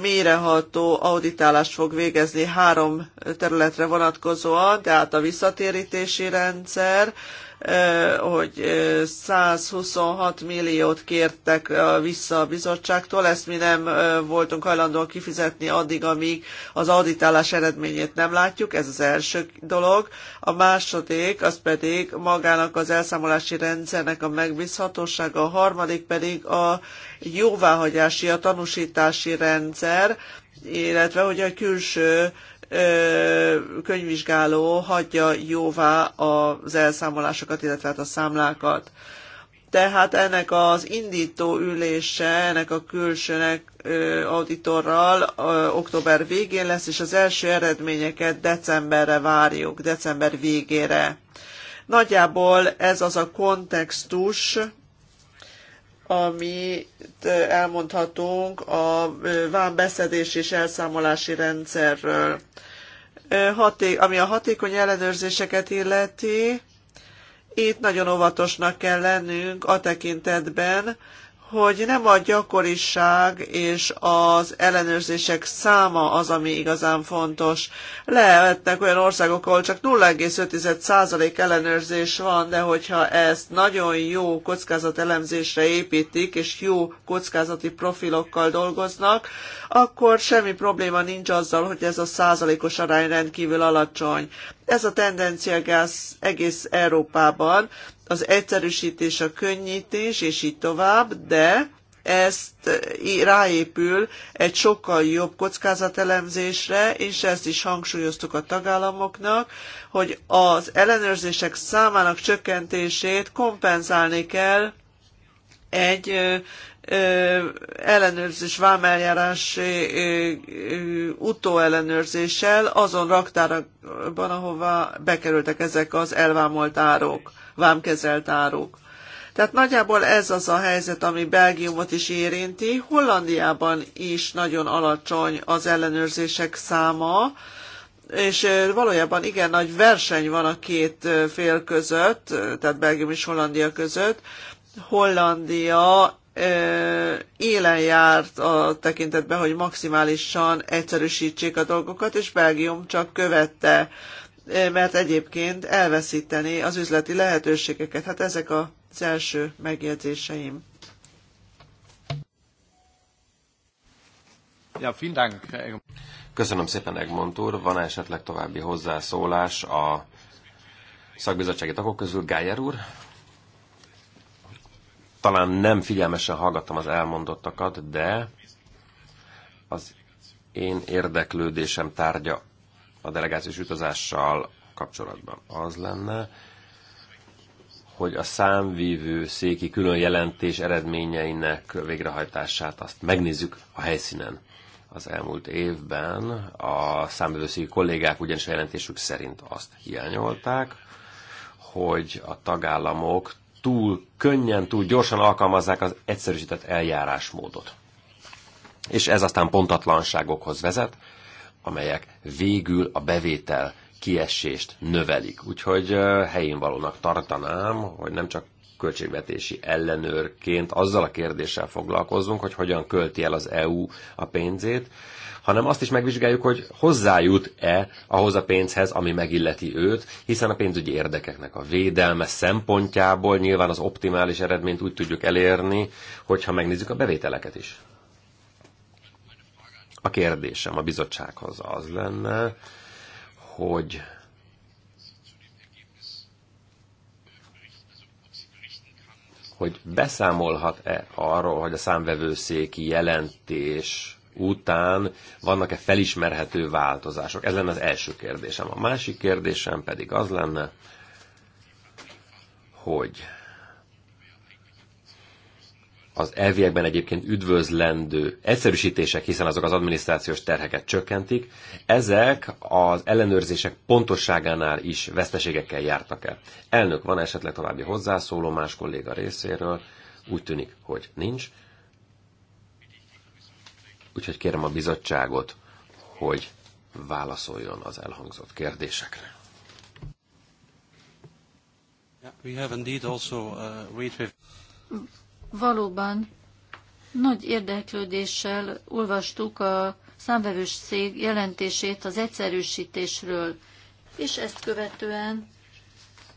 méreható auditálást fog végezni három területre vonatkozóan, tehát a visszatérítési rendszer, hogy 126 milliót kértek vissza a bizottságtól, ezt mi nem voltunk hajlandóak kifizetni addig, amíg az auditálás eredményét nem látjuk, ez az első dolog. A második, az pedig magának az elszámolási rendszernek a megbízhatósága, a harmadik pedig a jóváhagyási, a tanúsítási rendszer, illetve hogy a külső könyvvizsgáló hagyja jóvá az elszámolásokat, illetve hát a számlákat. Tehát ennek az indító ülése, ennek a külsőnek auditorral október végén lesz, és az első eredményeket decemberre várjuk, december végére. Nagyjából ez az a kontextus, amit elmondhatunk a vámbeszedés és elszámolási rendszerről. Haték, ami a hatékony ellenőrzéseket illeti, itt nagyon óvatosnak kell lennünk a tekintetben, hogy nem a gyakoriság és az ellenőrzések száma az, ami igazán fontos. Lehetnek olyan országok, ahol csak 0,5% ellenőrzés van, de hogyha ezt nagyon jó kockázatelemzésre építik, és jó kockázati profilokkal dolgoznak, akkor semmi probléma nincs azzal, hogy ez a százalékos arány rendkívül alacsony. Ez a tendencia egész Európában, az egyszerűsítés, a könnyítés, és így tovább, de ezt ráépül egy sokkal jobb kockázatelemzésre, és ezt is hangsúlyoztuk a tagállamoknak, hogy az ellenőrzések számának csökkentését kompenzálni kell egy ellenőrzés, vámeljárás utóellenőrzéssel azon raktárakban, ahova bekerültek ezek az elvámolt árok vámkezelt áruk. Tehát nagyjából ez az a helyzet, ami Belgiumot is érinti. Hollandiában is nagyon alacsony az ellenőrzések száma, és valójában igen nagy verseny van a két fél között, tehát Belgium és Hollandia között. Hollandia élen járt a tekintetben, hogy maximálisan egyszerűsítsék a dolgokat, és Belgium csak követte mert egyébként elveszíteni az üzleti lehetőségeket. Hát ezek az első megjegyzéseim. Ja, vielen Dank. Köszönöm szépen, Egmont úr. Van -e esetleg további hozzászólás a szakbizottsági tagok közül? Gájer úr? Talán nem figyelmesen hallgattam az elmondottakat, de az én érdeklődésem tárgya a delegációs utazással kapcsolatban az lenne, hogy a számvívő széki külön jelentés eredményeinek végrehajtását azt megnézzük a helyszínen. Az elmúlt évben a számvívőszéki kollégák ugyanis a jelentésük szerint azt hiányolták, hogy a tagállamok túl könnyen, túl gyorsan alkalmazzák az egyszerűsített eljárásmódot. És ez aztán pontatlanságokhoz vezet, amelyek végül a bevétel kiesést növelik. Úgyhogy helyén valónak tartanám, hogy nem csak költségvetési ellenőrként azzal a kérdéssel foglalkozunk, hogy hogyan költi el az EU a pénzét, hanem azt is megvizsgáljuk, hogy hozzájut-e ahhoz a pénzhez, ami megilleti őt, hiszen a pénzügyi érdekeknek a védelme szempontjából nyilván az optimális eredményt úgy tudjuk elérni, hogyha megnézzük a bevételeket is. A kérdésem a bizottsághoz az lenne, hogy hogy beszámolhat-e arról, hogy a számvevőszéki jelentés után vannak-e felismerhető változások? Ez lenne az első kérdésem. A másik kérdésem pedig az lenne, hogy az elviekben egyébként üdvözlendő egyszerűsítések, hiszen azok az adminisztrációs terheket csökkentik, ezek az ellenőrzések pontosságánál is veszteségekkel jártak el. Elnök, van esetleg további hozzászóló más kolléga részéről? Úgy tűnik, hogy nincs. Úgyhogy kérem a bizottságot, hogy válaszoljon az elhangzott kérdésekre. We have indeed also, uh, valóban nagy érdeklődéssel olvastuk a számvevős szég jelentését az egyszerűsítésről, és ezt követően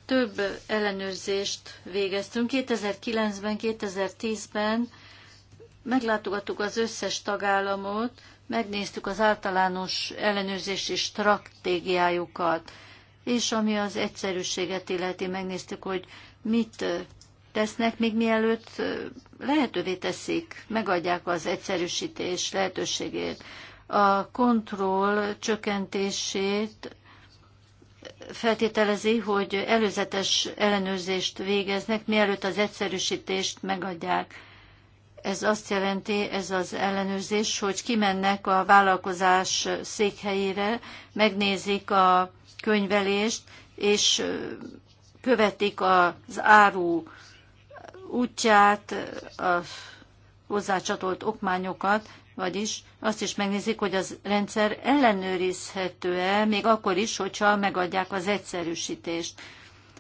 több ellenőrzést végeztünk. 2009-ben, 2010-ben meglátogattuk az összes tagállamot, megnéztük az általános ellenőrzési stratégiájukat, és ami az egyszerűséget illeti, megnéztük, hogy mit tesznek, még mielőtt lehetővé teszik, megadják az egyszerűsítés lehetőségét. A kontroll csökkentését feltételezi, hogy előzetes ellenőrzést végeznek, mielőtt az egyszerűsítést megadják. Ez azt jelenti, ez az ellenőrzés, hogy kimennek a vállalkozás székhelyére, megnézik a könyvelést, és követik az áru útját, a hozzácsatolt okmányokat, vagyis azt is megnézik, hogy az rendszer ellenőrizhető-e, még akkor is, hogyha megadják az egyszerűsítést.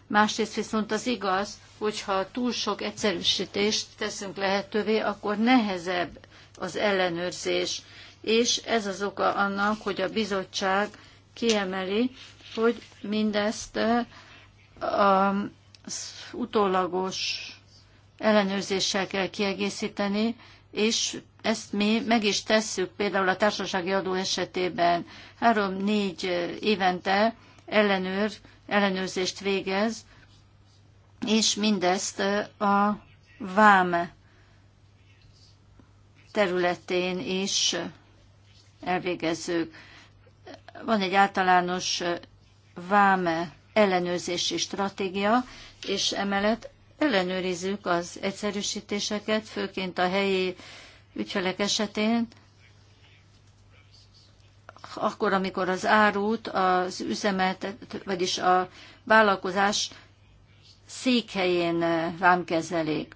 Másrészt viszont az igaz, hogyha túl sok egyszerűsítést teszünk lehetővé, akkor nehezebb az ellenőrzés. És ez az oka annak, hogy a bizottság kiemeli, hogy mindezt eh, az utólagos ellenőrzéssel kell kiegészíteni, és ezt mi meg is tesszük például a társasági adó esetében. Három-négy eh, évente ellenőr, ellenőrzést végez, és mindezt eh, a vám területén is eh, elvégezzük. Van egy általános vám ellenőrzési stratégia, és emellett ellenőrizzük az egyszerűsítéseket, főként a helyi ügyfelek esetén, akkor, amikor az árut, az üzemet, vagyis a vállalkozás székhelyén eh, vámkezelik.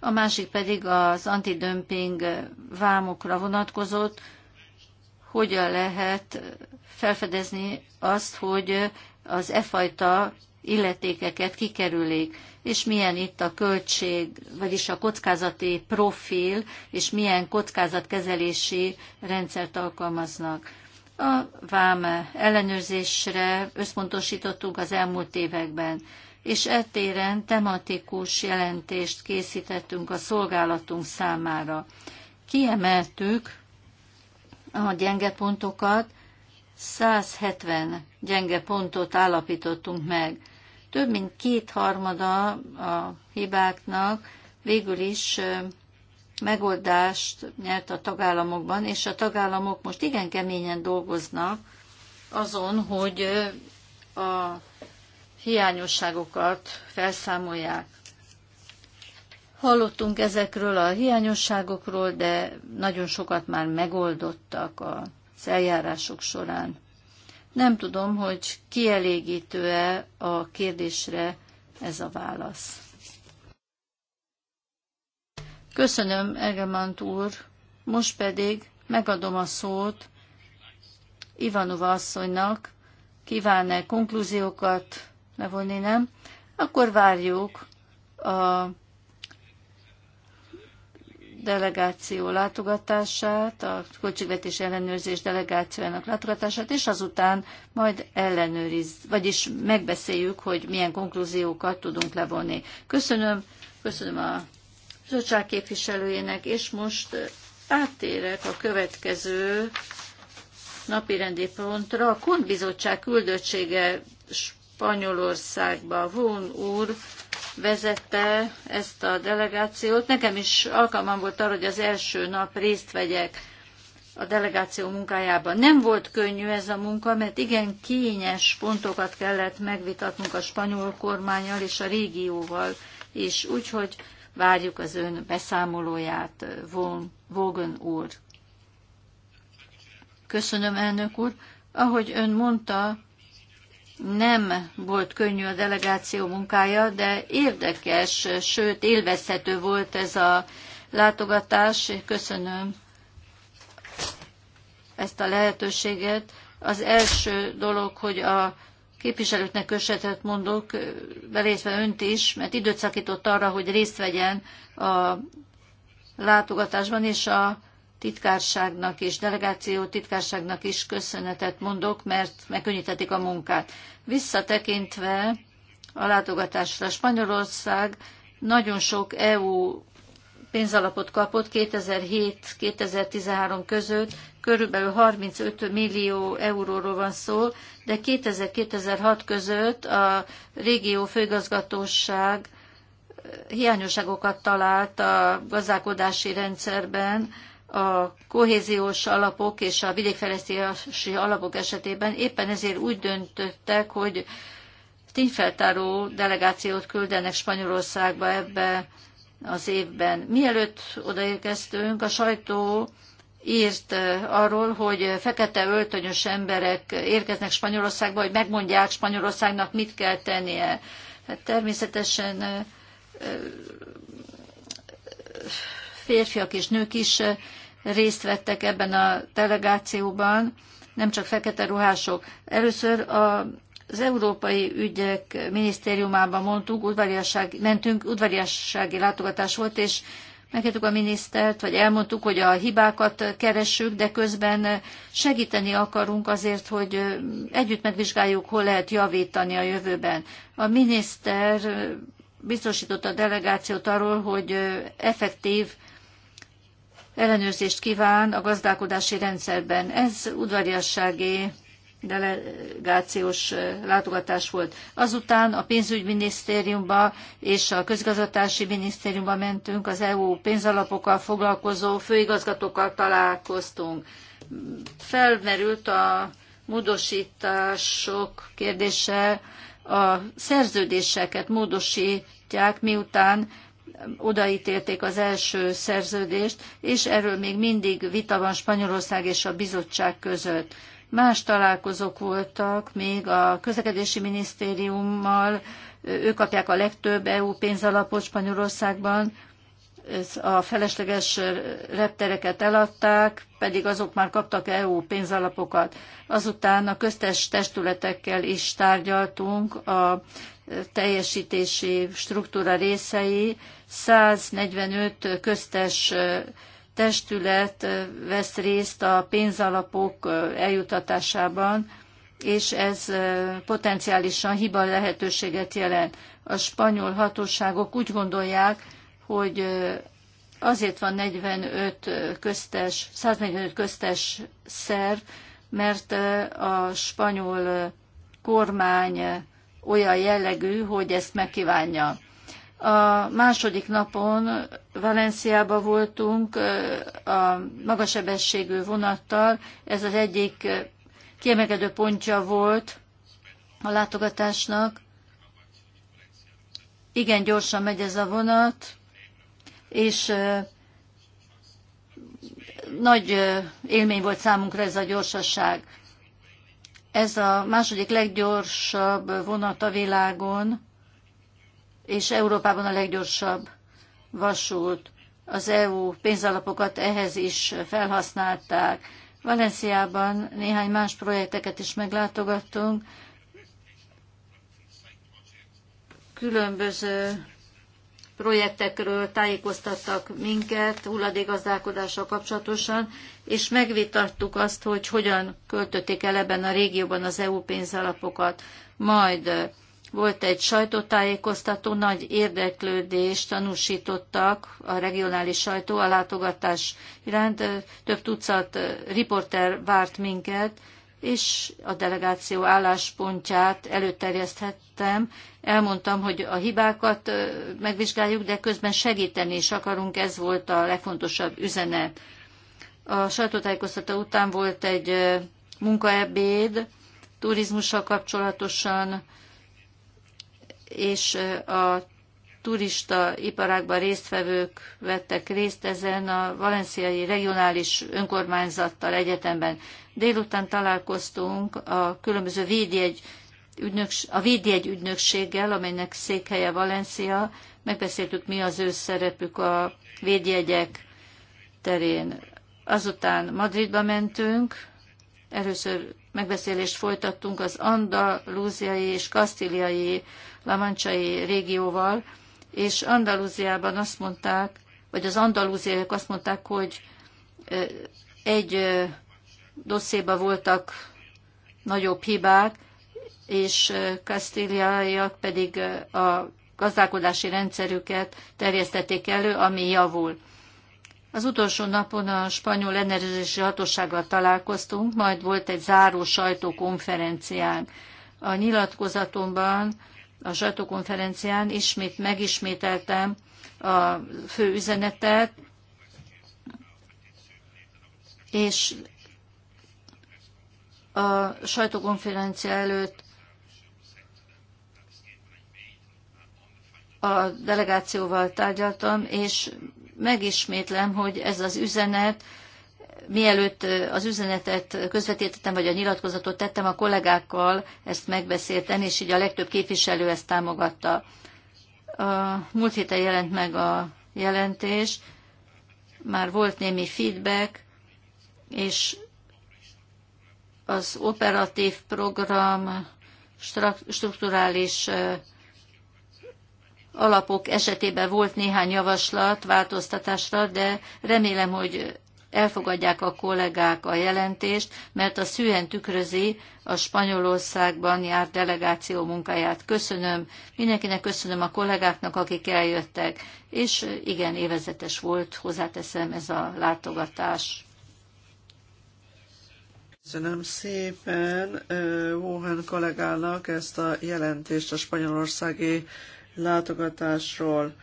A másik pedig az antidömping vámokra vonatkozott, hogyan lehet felfedezni azt, hogy az e fajta illetékeket kikerülik és milyen itt a költség, vagyis a kockázati profil, és milyen kockázatkezelési rendszert alkalmaznak. A vám ellenőrzésre összpontosítottuk az elmúlt években, és ettéren tematikus jelentést készítettünk a szolgálatunk számára. Kiemeltük a gyenge pontokat, 170 gyenge pontot állapítottunk meg. Több mint kétharmada a hibáknak végül is megoldást nyert a tagállamokban, és a tagállamok most igen keményen dolgoznak azon, hogy a hiányosságokat felszámolják. Hallottunk ezekről a hiányosságokról, de nagyon sokat már megoldottak az eljárások során. Nem tudom, hogy kielégítő-e a kérdésre ez a válasz. Köszönöm, Egemant úr. Most pedig megadom a szót Ivanova asszonynak. Kíván-e konklúziókat levonni, nem? Akkor várjuk a delegáció látogatását, a költségvetés ellenőrzés delegációjának látogatását, és azután majd ellenőriz, vagyis megbeszéljük, hogy milyen konklúziókat tudunk levonni. Köszönöm, köszönöm a bizottság képviselőjének, és most áttérek a következő rendi pontra. A Kunt Bizottság küldöttsége Spanyolországba. von úr vezette ezt a delegációt. Nekem is alkalmam volt arra, hogy az első nap részt vegyek a delegáció munkájában. Nem volt könnyű ez a munka, mert igen kényes pontokat kellett megvitatnunk a spanyol kormányal és a régióval, és úgyhogy várjuk az ön beszámolóját, Vogan úr. Köszönöm, elnök úr. Ahogy ön mondta, nem volt könnyű a delegáció munkája, de érdekes, sőt élvezhető volt ez a látogatás. Köszönöm ezt a lehetőséget. Az első dolog, hogy a képviselőknek köszönetet mondok, belétve önt is, mert időt szakított arra, hogy részt vegyen a látogatásban, és a titkárságnak és delegáció titkárságnak is köszönetet mondok, mert megkönnyítették a munkát. Visszatekintve a látogatásra Spanyolország nagyon sok EU pénzalapot kapott 2007-2013 között, körülbelül 35 millió euróról van szó, de 2000-2006 között a régió főigazgatóság eh, hiányosságokat talált a gazdálkodási rendszerben, a kohéziós alapok és a vidékfejlesztési alapok esetében éppen ezért úgy döntöttek, hogy tényfeltáró delegációt küldenek Spanyolországba ebbe az évben. Mielőtt odaérkeztünk, a sajtó írt eh, arról, hogy fekete öltönyös emberek érkeznek Spanyolországba, hogy megmondják Spanyolországnak, mit kell tennie. Hát természetesen eh, eh, férfiak és nők is részt vettek ebben a delegációban, nem csak fekete ruhások. Először a az Európai Ügyek Minisztériumában mondtuk udvariasság, mentünk, udvariassági látogatás volt, és megkértük a minisztert, vagy elmondtuk, hogy a hibákat keressük, de közben segíteni akarunk azért, hogy együtt megvizsgáljuk, hol lehet javítani a jövőben. A miniszter biztosította a delegációt arról, hogy effektív ellenőrzést kíván a gazdálkodási rendszerben. Ez udvariassági delegációs látogatás volt. Azután a pénzügyminisztériumba és a közgazdatási minisztériumba mentünk, az EU pénzalapokkal foglalkozó főigazgatókkal találkoztunk. Felmerült a módosítások kérdése, a szerződéseket módosítják, miután odaítélték az első szerződést, és erről még mindig vita van Spanyolország és a bizottság között. Más találkozók voltak még a közlekedési minisztériummal, ők kapják a legtöbb EU pénzalapot Spanyolországban, a felesleges reptereket eladták, pedig azok már kaptak EU pénzalapokat. Azután a köztes testületekkel is tárgyaltunk a teljesítési struktúra részei. 145 köztes testület vesz részt a pénzalapok eljutatásában, és ez potenciálisan hiba lehetőséget jelent. A spanyol hatóságok úgy gondolják, hogy azért van 45 köztes, 145 köztes szerv, mert a spanyol kormány olyan jellegű, hogy ezt megkívánja. A második napon Valenciába voltunk a magasebességű vonattal. Ez az egyik kiemelkedő pontja volt a látogatásnak. Igen gyorsan megy ez a vonat, és nagy élmény volt számunkra ez a gyorsaság. Ez a második leggyorsabb vonat a világon, és Európában a leggyorsabb vasút. Az EU pénzalapokat ehhez is felhasználták. Valenciában néhány más projekteket is meglátogattunk. Különböző projektekről tájékoztattak minket hulladékgazdálkodással kapcsolatosan, és megvitattuk azt, hogy hogyan költötték el ebben a régióban az EU pénzalapokat. Majd eh, volt egy sajtótájékoztató, nagy érdeklődést tanúsítottak a regionális sajtó a látogatás iránt. Eh, több tucat eh, riporter várt minket, és a delegáció álláspontját előterjeszthettem. Elmondtam, hogy a hibákat megvizsgáljuk, de közben segíteni is akarunk, ez volt a legfontosabb üzenet. A sajtótájékoztató után volt egy munkaebéd, turizmussal kapcsolatosan, és a turista iparákban résztvevők vettek részt ezen a valenciai regionális önkormányzattal egyetemben. Délután találkoztunk a különböző védjegy ügynöks, a védjegy ügynökséggel, amelynek székhelye Valencia. Megbeszéltük, mi az ő szerepük a védjegyek terén. Azután Madridba mentünk, először megbeszélést folytattunk az andalúziai és kasztiliai lamancsai régióval, és Andalúziában azt mondták, vagy az andalúziaiak azt mondták, hogy egy dosszéba voltak nagyobb hibák, és kasztíliaiak pedig a gazdálkodási rendszerüket terjesztették elő, ami javul. Az utolsó napon a spanyol energizési hatósággal találkoztunk, majd volt egy záró sajtókonferenciánk. A nyilatkozatomban a sajtókonferencián ismét megismételtem a fő üzenetet, és a sajtókonferencia előtt a delegációval tárgyaltam, és megismétlem, hogy ez az üzenet mielőtt az üzenetet közvetítettem, vagy a nyilatkozatot tettem, a kollégákkal ezt megbeszéltem, és így a legtöbb képviselő ezt támogatta. A múlt héten jelent meg a jelentés, már volt némi feedback, és az operatív program strukturális alapok esetében volt néhány javaslat változtatásra, de remélem, hogy elfogadják a kollégák a jelentést, mert a szűen tükrözi a Spanyolországban járt delegáció munkáját. Köszönöm, mindenkinek köszönöm a kollégáknak, akik eljöttek, és igen, évezetes volt, hozzáteszem ez a látogatás. Köszönöm szépen Wuhan kollégának ezt a jelentést a spanyolországi látogatásról.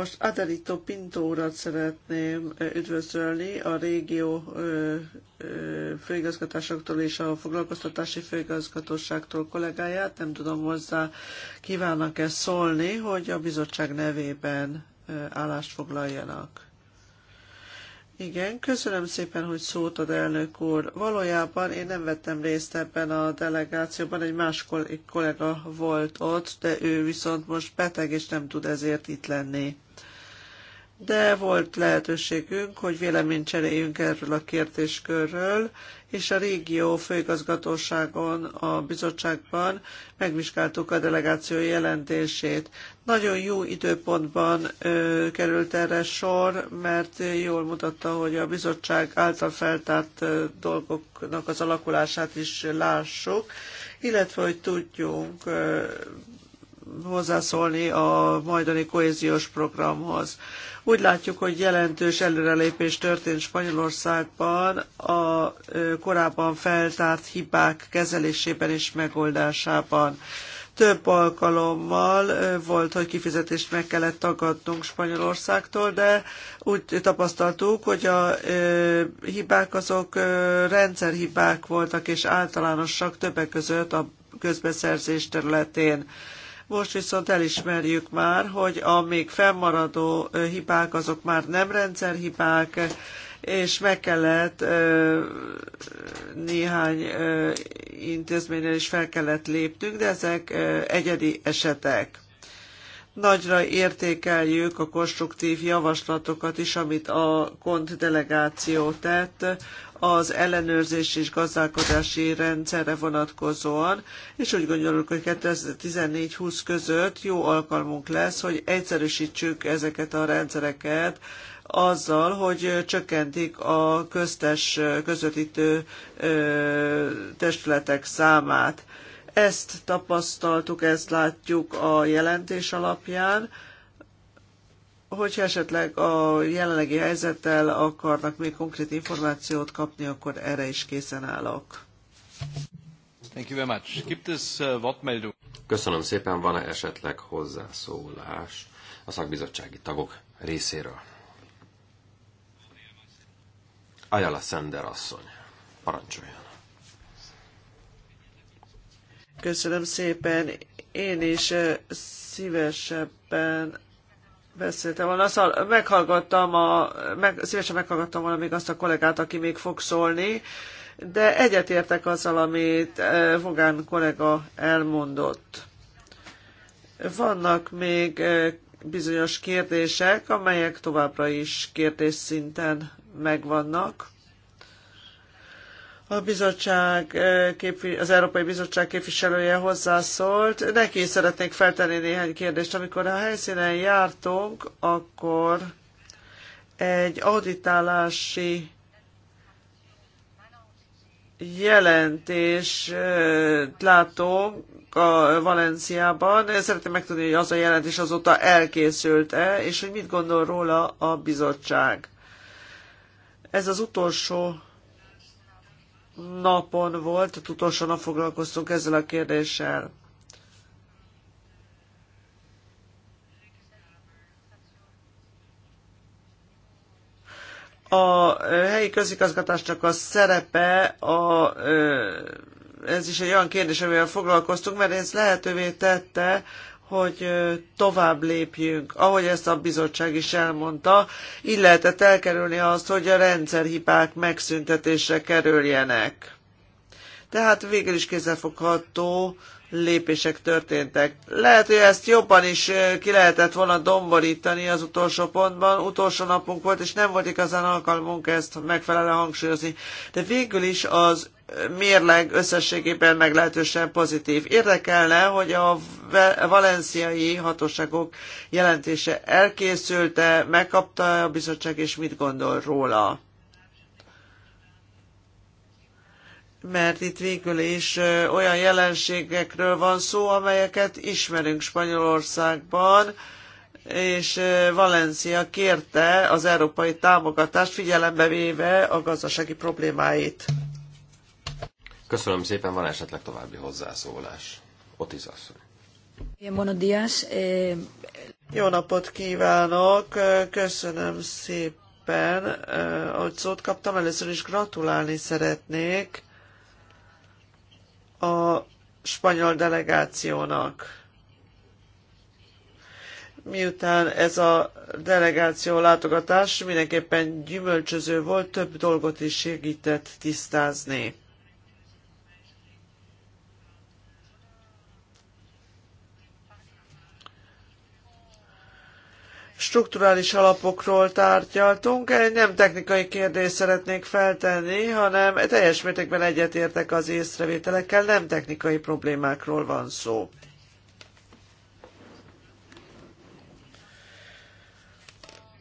Most Adelito Pinto urat szeretném üdvözölni a régió főigazgatásoktól és a foglalkoztatási főigazgatóságtól kollégáját. Nem tudom hozzá kívánnak-e szólni, hogy a bizottság nevében állást foglaljanak. Igen, köszönöm szépen, hogy szót ad elnök úr. Valójában én nem vettem részt ebben a delegációban, egy más kollega volt ott, de ő viszont most beteg és nem tud ezért itt lenni de volt lehetőségünk, hogy véleményt cseréljünk erről a kérdéskörről, és a régió főigazgatóságon, a bizottságban megvizsgáltuk a delegáció jelentését. Nagyon jó időpontban ö, került erre sor, mert jól mutatta, hogy a bizottság által feltárt ö, dolgoknak az alakulását is lássuk, illetve hogy tudjunk ö, hozzászólni a majdani kohéziós programhoz. Úgy látjuk, hogy jelentős előrelépés történt Spanyolországban a korábban feltárt hibák kezelésében és megoldásában. Több alkalommal volt, hogy kifizetést meg kellett tagadnunk Spanyolországtól, de úgy tapasztaltuk, hogy a hibák azok rendszerhibák voltak és általánosak többek között a közbeszerzés területén most viszont elismerjük már, hogy a még fennmaradó hibák azok már nem rendszerhibák, és meg kellett néhány intézménynél is fel kellett léptünk, de ezek egyedi esetek. Nagyra értékeljük a konstruktív javaslatokat is, amit a KONT delegáció tett az ellenőrzési és gazdálkodási rendszerre vonatkozóan, és úgy gondoljuk, hogy 2014-20 között jó alkalmunk lesz, hogy egyszerűsítsük ezeket a rendszereket, azzal, hogy csökkentik a köztes közvetítő testületek számát. Ezt tapasztaltuk, ezt látjuk a jelentés alapján. Hogyha esetleg a jelenlegi helyzettel akarnak még konkrét információt kapni, akkor erre is készen állok. Thank you very much. Gibt es uh, Wortmeldung? Köszönöm szépen. Van-e esetleg hozzászólás a szakbizottsági tagok részéről? Ajala Szender asszony, parancsolja. Köszönöm szépen. Én is szívesebben beszéltem volna. Szóval meghallgattam a, meg, szívesen meghallgattam volna még azt a kollégát, aki még fog szólni, de egyetértek azzal, amit Vogán kollega elmondott. Vannak még bizonyos kérdések, amelyek továbbra is kérdésszinten megvannak a bizottság, eh, az Európai Bizottság képviselője hozzászólt. Neki szeretnék feltenni néhány kérdést. Amikor a helyszínen jártunk, akkor egy auditálási jelentés eh, látom a Valenciában. Szeretném megtudni, hogy az a jelentés azóta elkészült-e, és hogy mit gondol róla a bizottság. Ez az utolsó napon volt, utolsó nap foglalkoztunk ezzel a kérdéssel. a helyi közigazgatásnak a szerepe, a, ez is egy olyan kérdés, amivel foglalkoztunk, mert ez lehetővé tette, hogy tovább lépjünk, ahogy ezt a bizottság is elmondta, így lehetett elkerülni azt, hogy a rendszerhibák megszüntetésre kerüljenek. Tehát végül is kézzelfogható lépések történtek. Lehet, hogy ezt jobban is ki lehetett volna domborítani az utolsó pontban, utolsó napunk volt, és nem volt igazán alkalmunk ezt megfelelően hangsúlyozni. De végül is az mérleg összességében meglehetősen pozitív. Érdekelne, hogy a valenciai hatóságok jelentése elkészült-e, megkapta a bizottság, és mit gondol róla? mert itt végül is olyan jelenségekről van szó, amelyeket ismerünk Spanyolországban, és Valencia kérte az európai támogatást figyelembe véve a gazdasági problémáit. Köszönöm szépen, van esetleg további hozzászólás. Otiz asszony. Eh, Jó napot kívánok, köszönöm szépen, hogy szót kaptam. Először is gratulálni szeretnék a spanyol delegációnak. Miután ez a delegáció látogatás mindenképpen gyümölcsöző volt, több dolgot is segített tisztázni. strukturális alapokról tárgyaltunk. Egy nem technikai kérdést szeretnék feltenni, hanem teljes mértékben egyetértek az észrevételekkel, nem technikai problémákról van szó.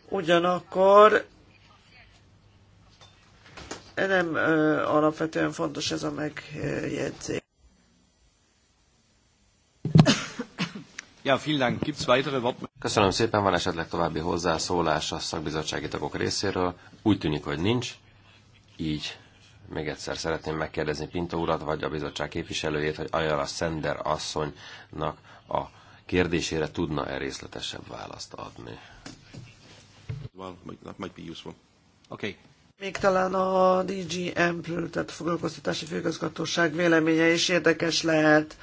Ugyanakkor nem ö, alapvetően fontos ez a megjegyzés. Ja, vielen Dank. Gibt's weitere Worte? Köszönöm szépen, van esetleg további hozzászólás a szakbizottsági tagok részéről. Úgy tűnik, hogy nincs. Így még egyszer szeretném megkérdezni Pinto urat, vagy a bizottság képviselőjét, hogy Ajala Szender asszonynak a kérdésére tudna-e részletesebb választ adni. Oké. Okay. Még talán a DG Ample, tehát foglalkoztatási főgazgatóság véleménye is érdekes lehet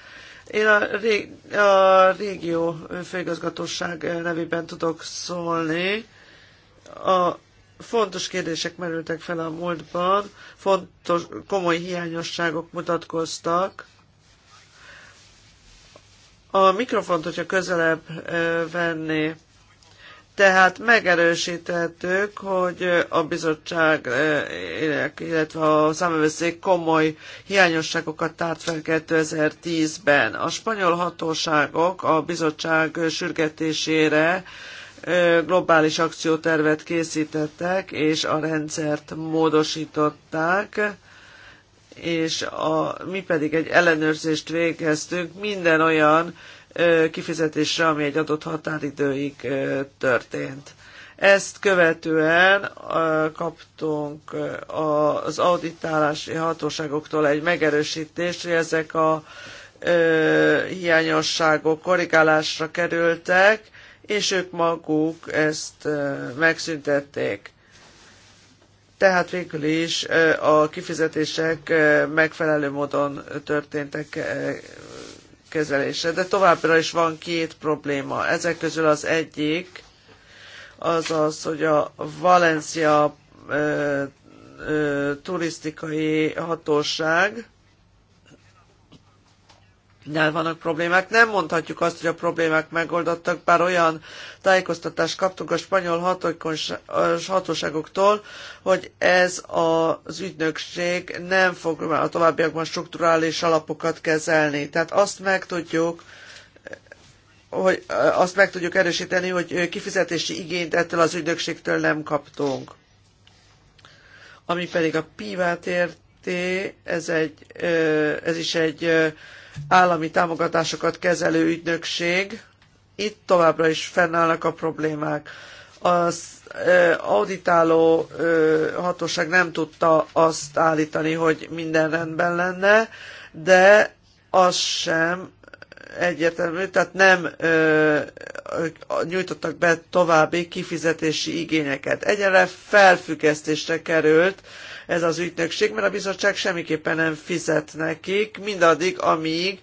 én a, régi, a régió főigazgatóság nevében tudok szólni. A fontos kérdések merültek fel a múltban, fontos, komoly hiányosságok mutatkoztak. A mikrofont, hogyha közelebb venné, tehát megerősíthetők, hogy a bizottság, eh, illetve a számövőszék komoly hiányosságokat tárt fel 2010-ben. A spanyol hatóságok a bizottság sürgetésére eh, globális akciótervet készítettek, és a rendszert módosították és a, mi pedig egy ellenőrzést végeztünk minden olyan kifizetésre, ami egy adott határidőig történt. Ezt követően kaptunk az auditálási hatóságoktól egy megerősítést, hogy ezek a hiányosságok korrigálásra kerültek, és ők maguk ezt megszüntették. Tehát végül is a kifizetések megfelelő módon történtek, kezelése. De továbbra is van két probléma. Ezek közül az egyik az az, hogy a Valencia ö, ö, turisztikai hatóság nál vannak problémák. Nem mondhatjuk azt, hogy a problémák megoldottak, bár olyan tájékoztatást kaptunk a spanyol hatóságoktól, hogy ez az ügynökség nem fog a továbbiakban strukturális alapokat kezelni. Tehát azt meg tudjuk, hogy azt meg tudjuk erősíteni, hogy kifizetési igényt ettől az ügynökségtől nem kaptunk. Ami pedig a pívát ért, Kft. Ez, egy, ez is egy állami támogatásokat kezelő ügynökség. Itt továbbra is fennállnak a problémák. Az auditáló hatóság nem tudta azt állítani, hogy minden rendben lenne, de az sem egyértelmű, tehát nem ö, nyújtottak be további kifizetési igényeket. Egyenre felfüggesztésre került ez az ügynökség, mert a bizottság semmiképpen nem fizet nekik, mindaddig, amíg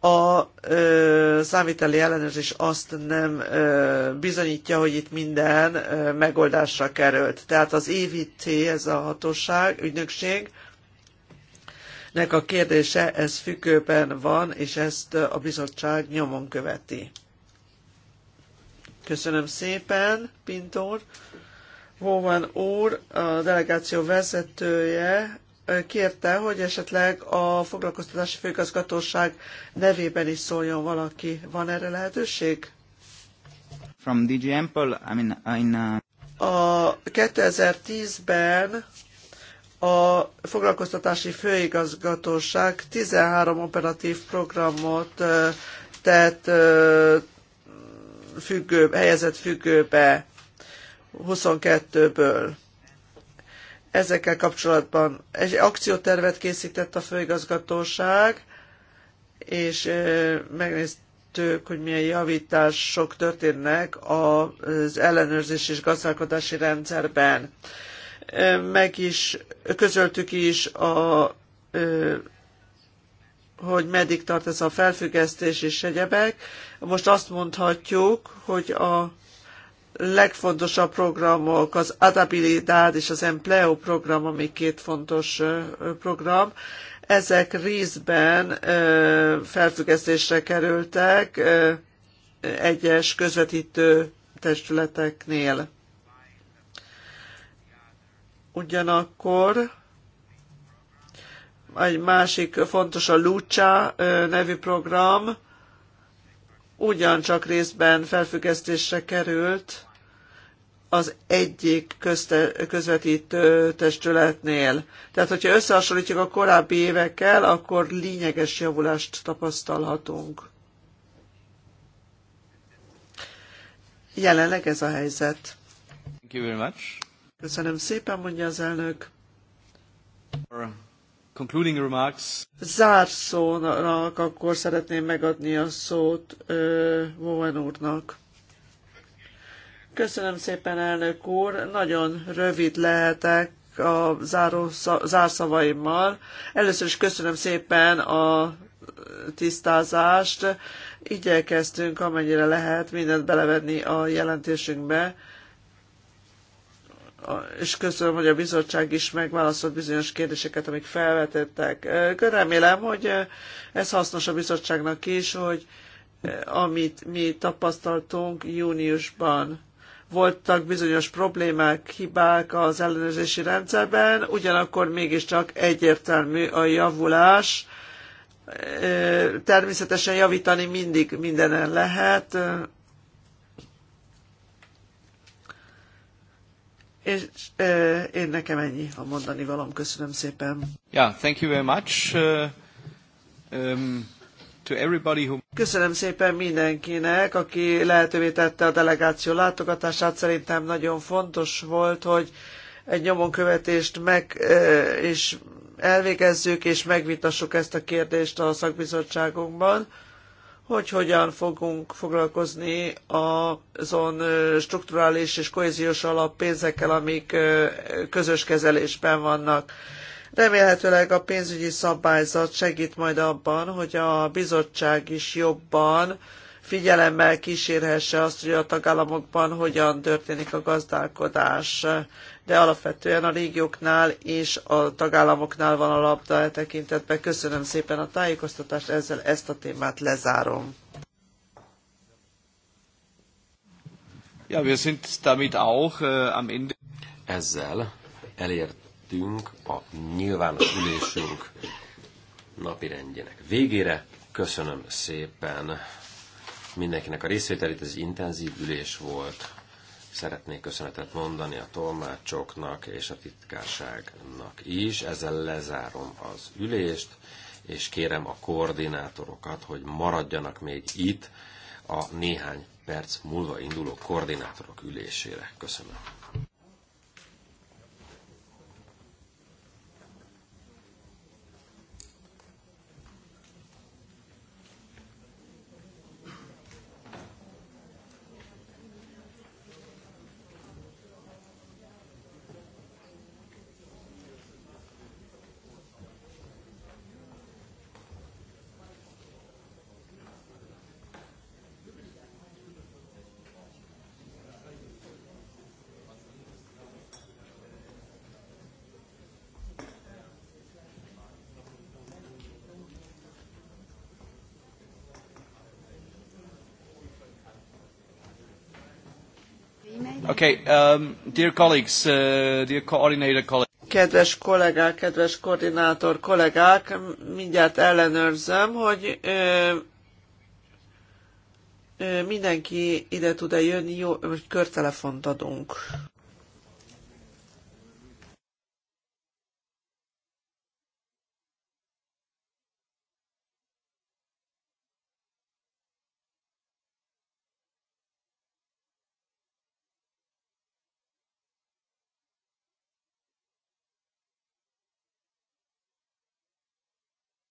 a ö, számviteli ellenőrzés azt nem ö, bizonyítja, hogy itt minden ö, megoldásra került. Tehát az EVT, ez a hatóság, ügynökség, nek a kérdése, ez függőben van, és ezt a bizottság nyomon követi. Köszönöm szépen, Pintor. Bowman úr, a delegáció vezetője, kérte, hogy esetleg a foglalkoztatási főigazgatóság nevében is szóljon valaki. Van erre lehetőség? From DG Ample, I mean, in, uh... A 2010-ben a foglalkoztatási főigazgatóság 13 operatív programot tett függő, helyezett függőbe 22-ből. Ezekkel kapcsolatban egy akciótervet készített a főigazgatóság, és megnéztük, hogy milyen javítások történnek az ellenőrzés és gazdálkodási rendszerben. Meg is közöltük is a hogy meddig tart ez a felfüggesztés és egyebek. Most azt mondhatjuk, hogy a legfontosabb programok az Adabilidad és az Empleo program, ami két fontos program. Ezek részben felfüggesztésre kerültek egyes közvetítő testületeknél. Ugyanakkor egy másik fontos a Lucha nevű program, ugyancsak részben felfüggesztésre került, az egyik közte, közvetítő testületnél. Tehát, hogyha összehasonlítjuk a korábbi évekkel, akkor lényeges javulást tapasztalhatunk. Jelenleg ez a helyzet. Thank you very much. Köszönöm szépen, mondja az elnök. Concluding remarks. Zárszónak akkor szeretném megadni a szót Vovan úrnak. Köszönöm szépen, elnök úr. Nagyon rövid lehetek a záró, zárszavaimmal. Először is köszönöm szépen a tisztázást. Igyekeztünk, amennyire lehet, mindent belevenni a jelentésünkbe és köszönöm, hogy a bizottság is megválaszolt bizonyos kérdéseket, amik felvetettek. Remélem, hogy ez hasznos a bizottságnak is, hogy amit mi tapasztaltunk júniusban, voltak bizonyos problémák, hibák az ellenőrzési rendszerben, ugyanakkor mégiscsak egyértelmű a javulás. Természetesen javítani mindig mindenen lehet, És én nekem ennyi a mondani valam. Köszönöm szépen. Yeah, thank you very much. Uh, um... Köszönöm szépen mindenkinek, aki lehetővé tette a delegáció látogatását. Szerintem nagyon fontos volt, hogy egy nyomon követést meg és elvégezzük, és megvitassuk ezt a kérdést a szakbizottságunkban, hogy hogyan fogunk foglalkozni azon strukturális és kohéziós pénzekkel amik közös kezelésben vannak Remélhetőleg a pénzügyi szabályzat segít majd abban, hogy a bizottság is jobban figyelemmel kísérhesse azt, hogy a tagállamokban hogyan történik a gazdálkodás. De alapvetően a régióknál és a tagállamoknál van a labda e tekintetben. Köszönöm szépen a tájékoztatást, ezzel ezt a témát lezárom. Ja, wir sind damit auch äh, am Ende. Ezzel elért értünk a nyilvános ülésünk napirendjének végére. Köszönöm szépen mindenkinek a részvételét, ez intenzív ülés volt. Szeretnék köszönetet mondani a tolmácsoknak és a titkárságnak is. Ezzel lezárom az ülést, és kérem a koordinátorokat, hogy maradjanak még itt a néhány perc múlva induló koordinátorok ülésére. Köszönöm. Okay, um, dear colleagues, uh, dear coordinator colleagues. Kedves kollégák, kedves koordinátor kollégák, mindjárt ellenőrzöm, hogy ö, ö, mindenki ide tud-e jönni, jó, hogy körtelefont adunk.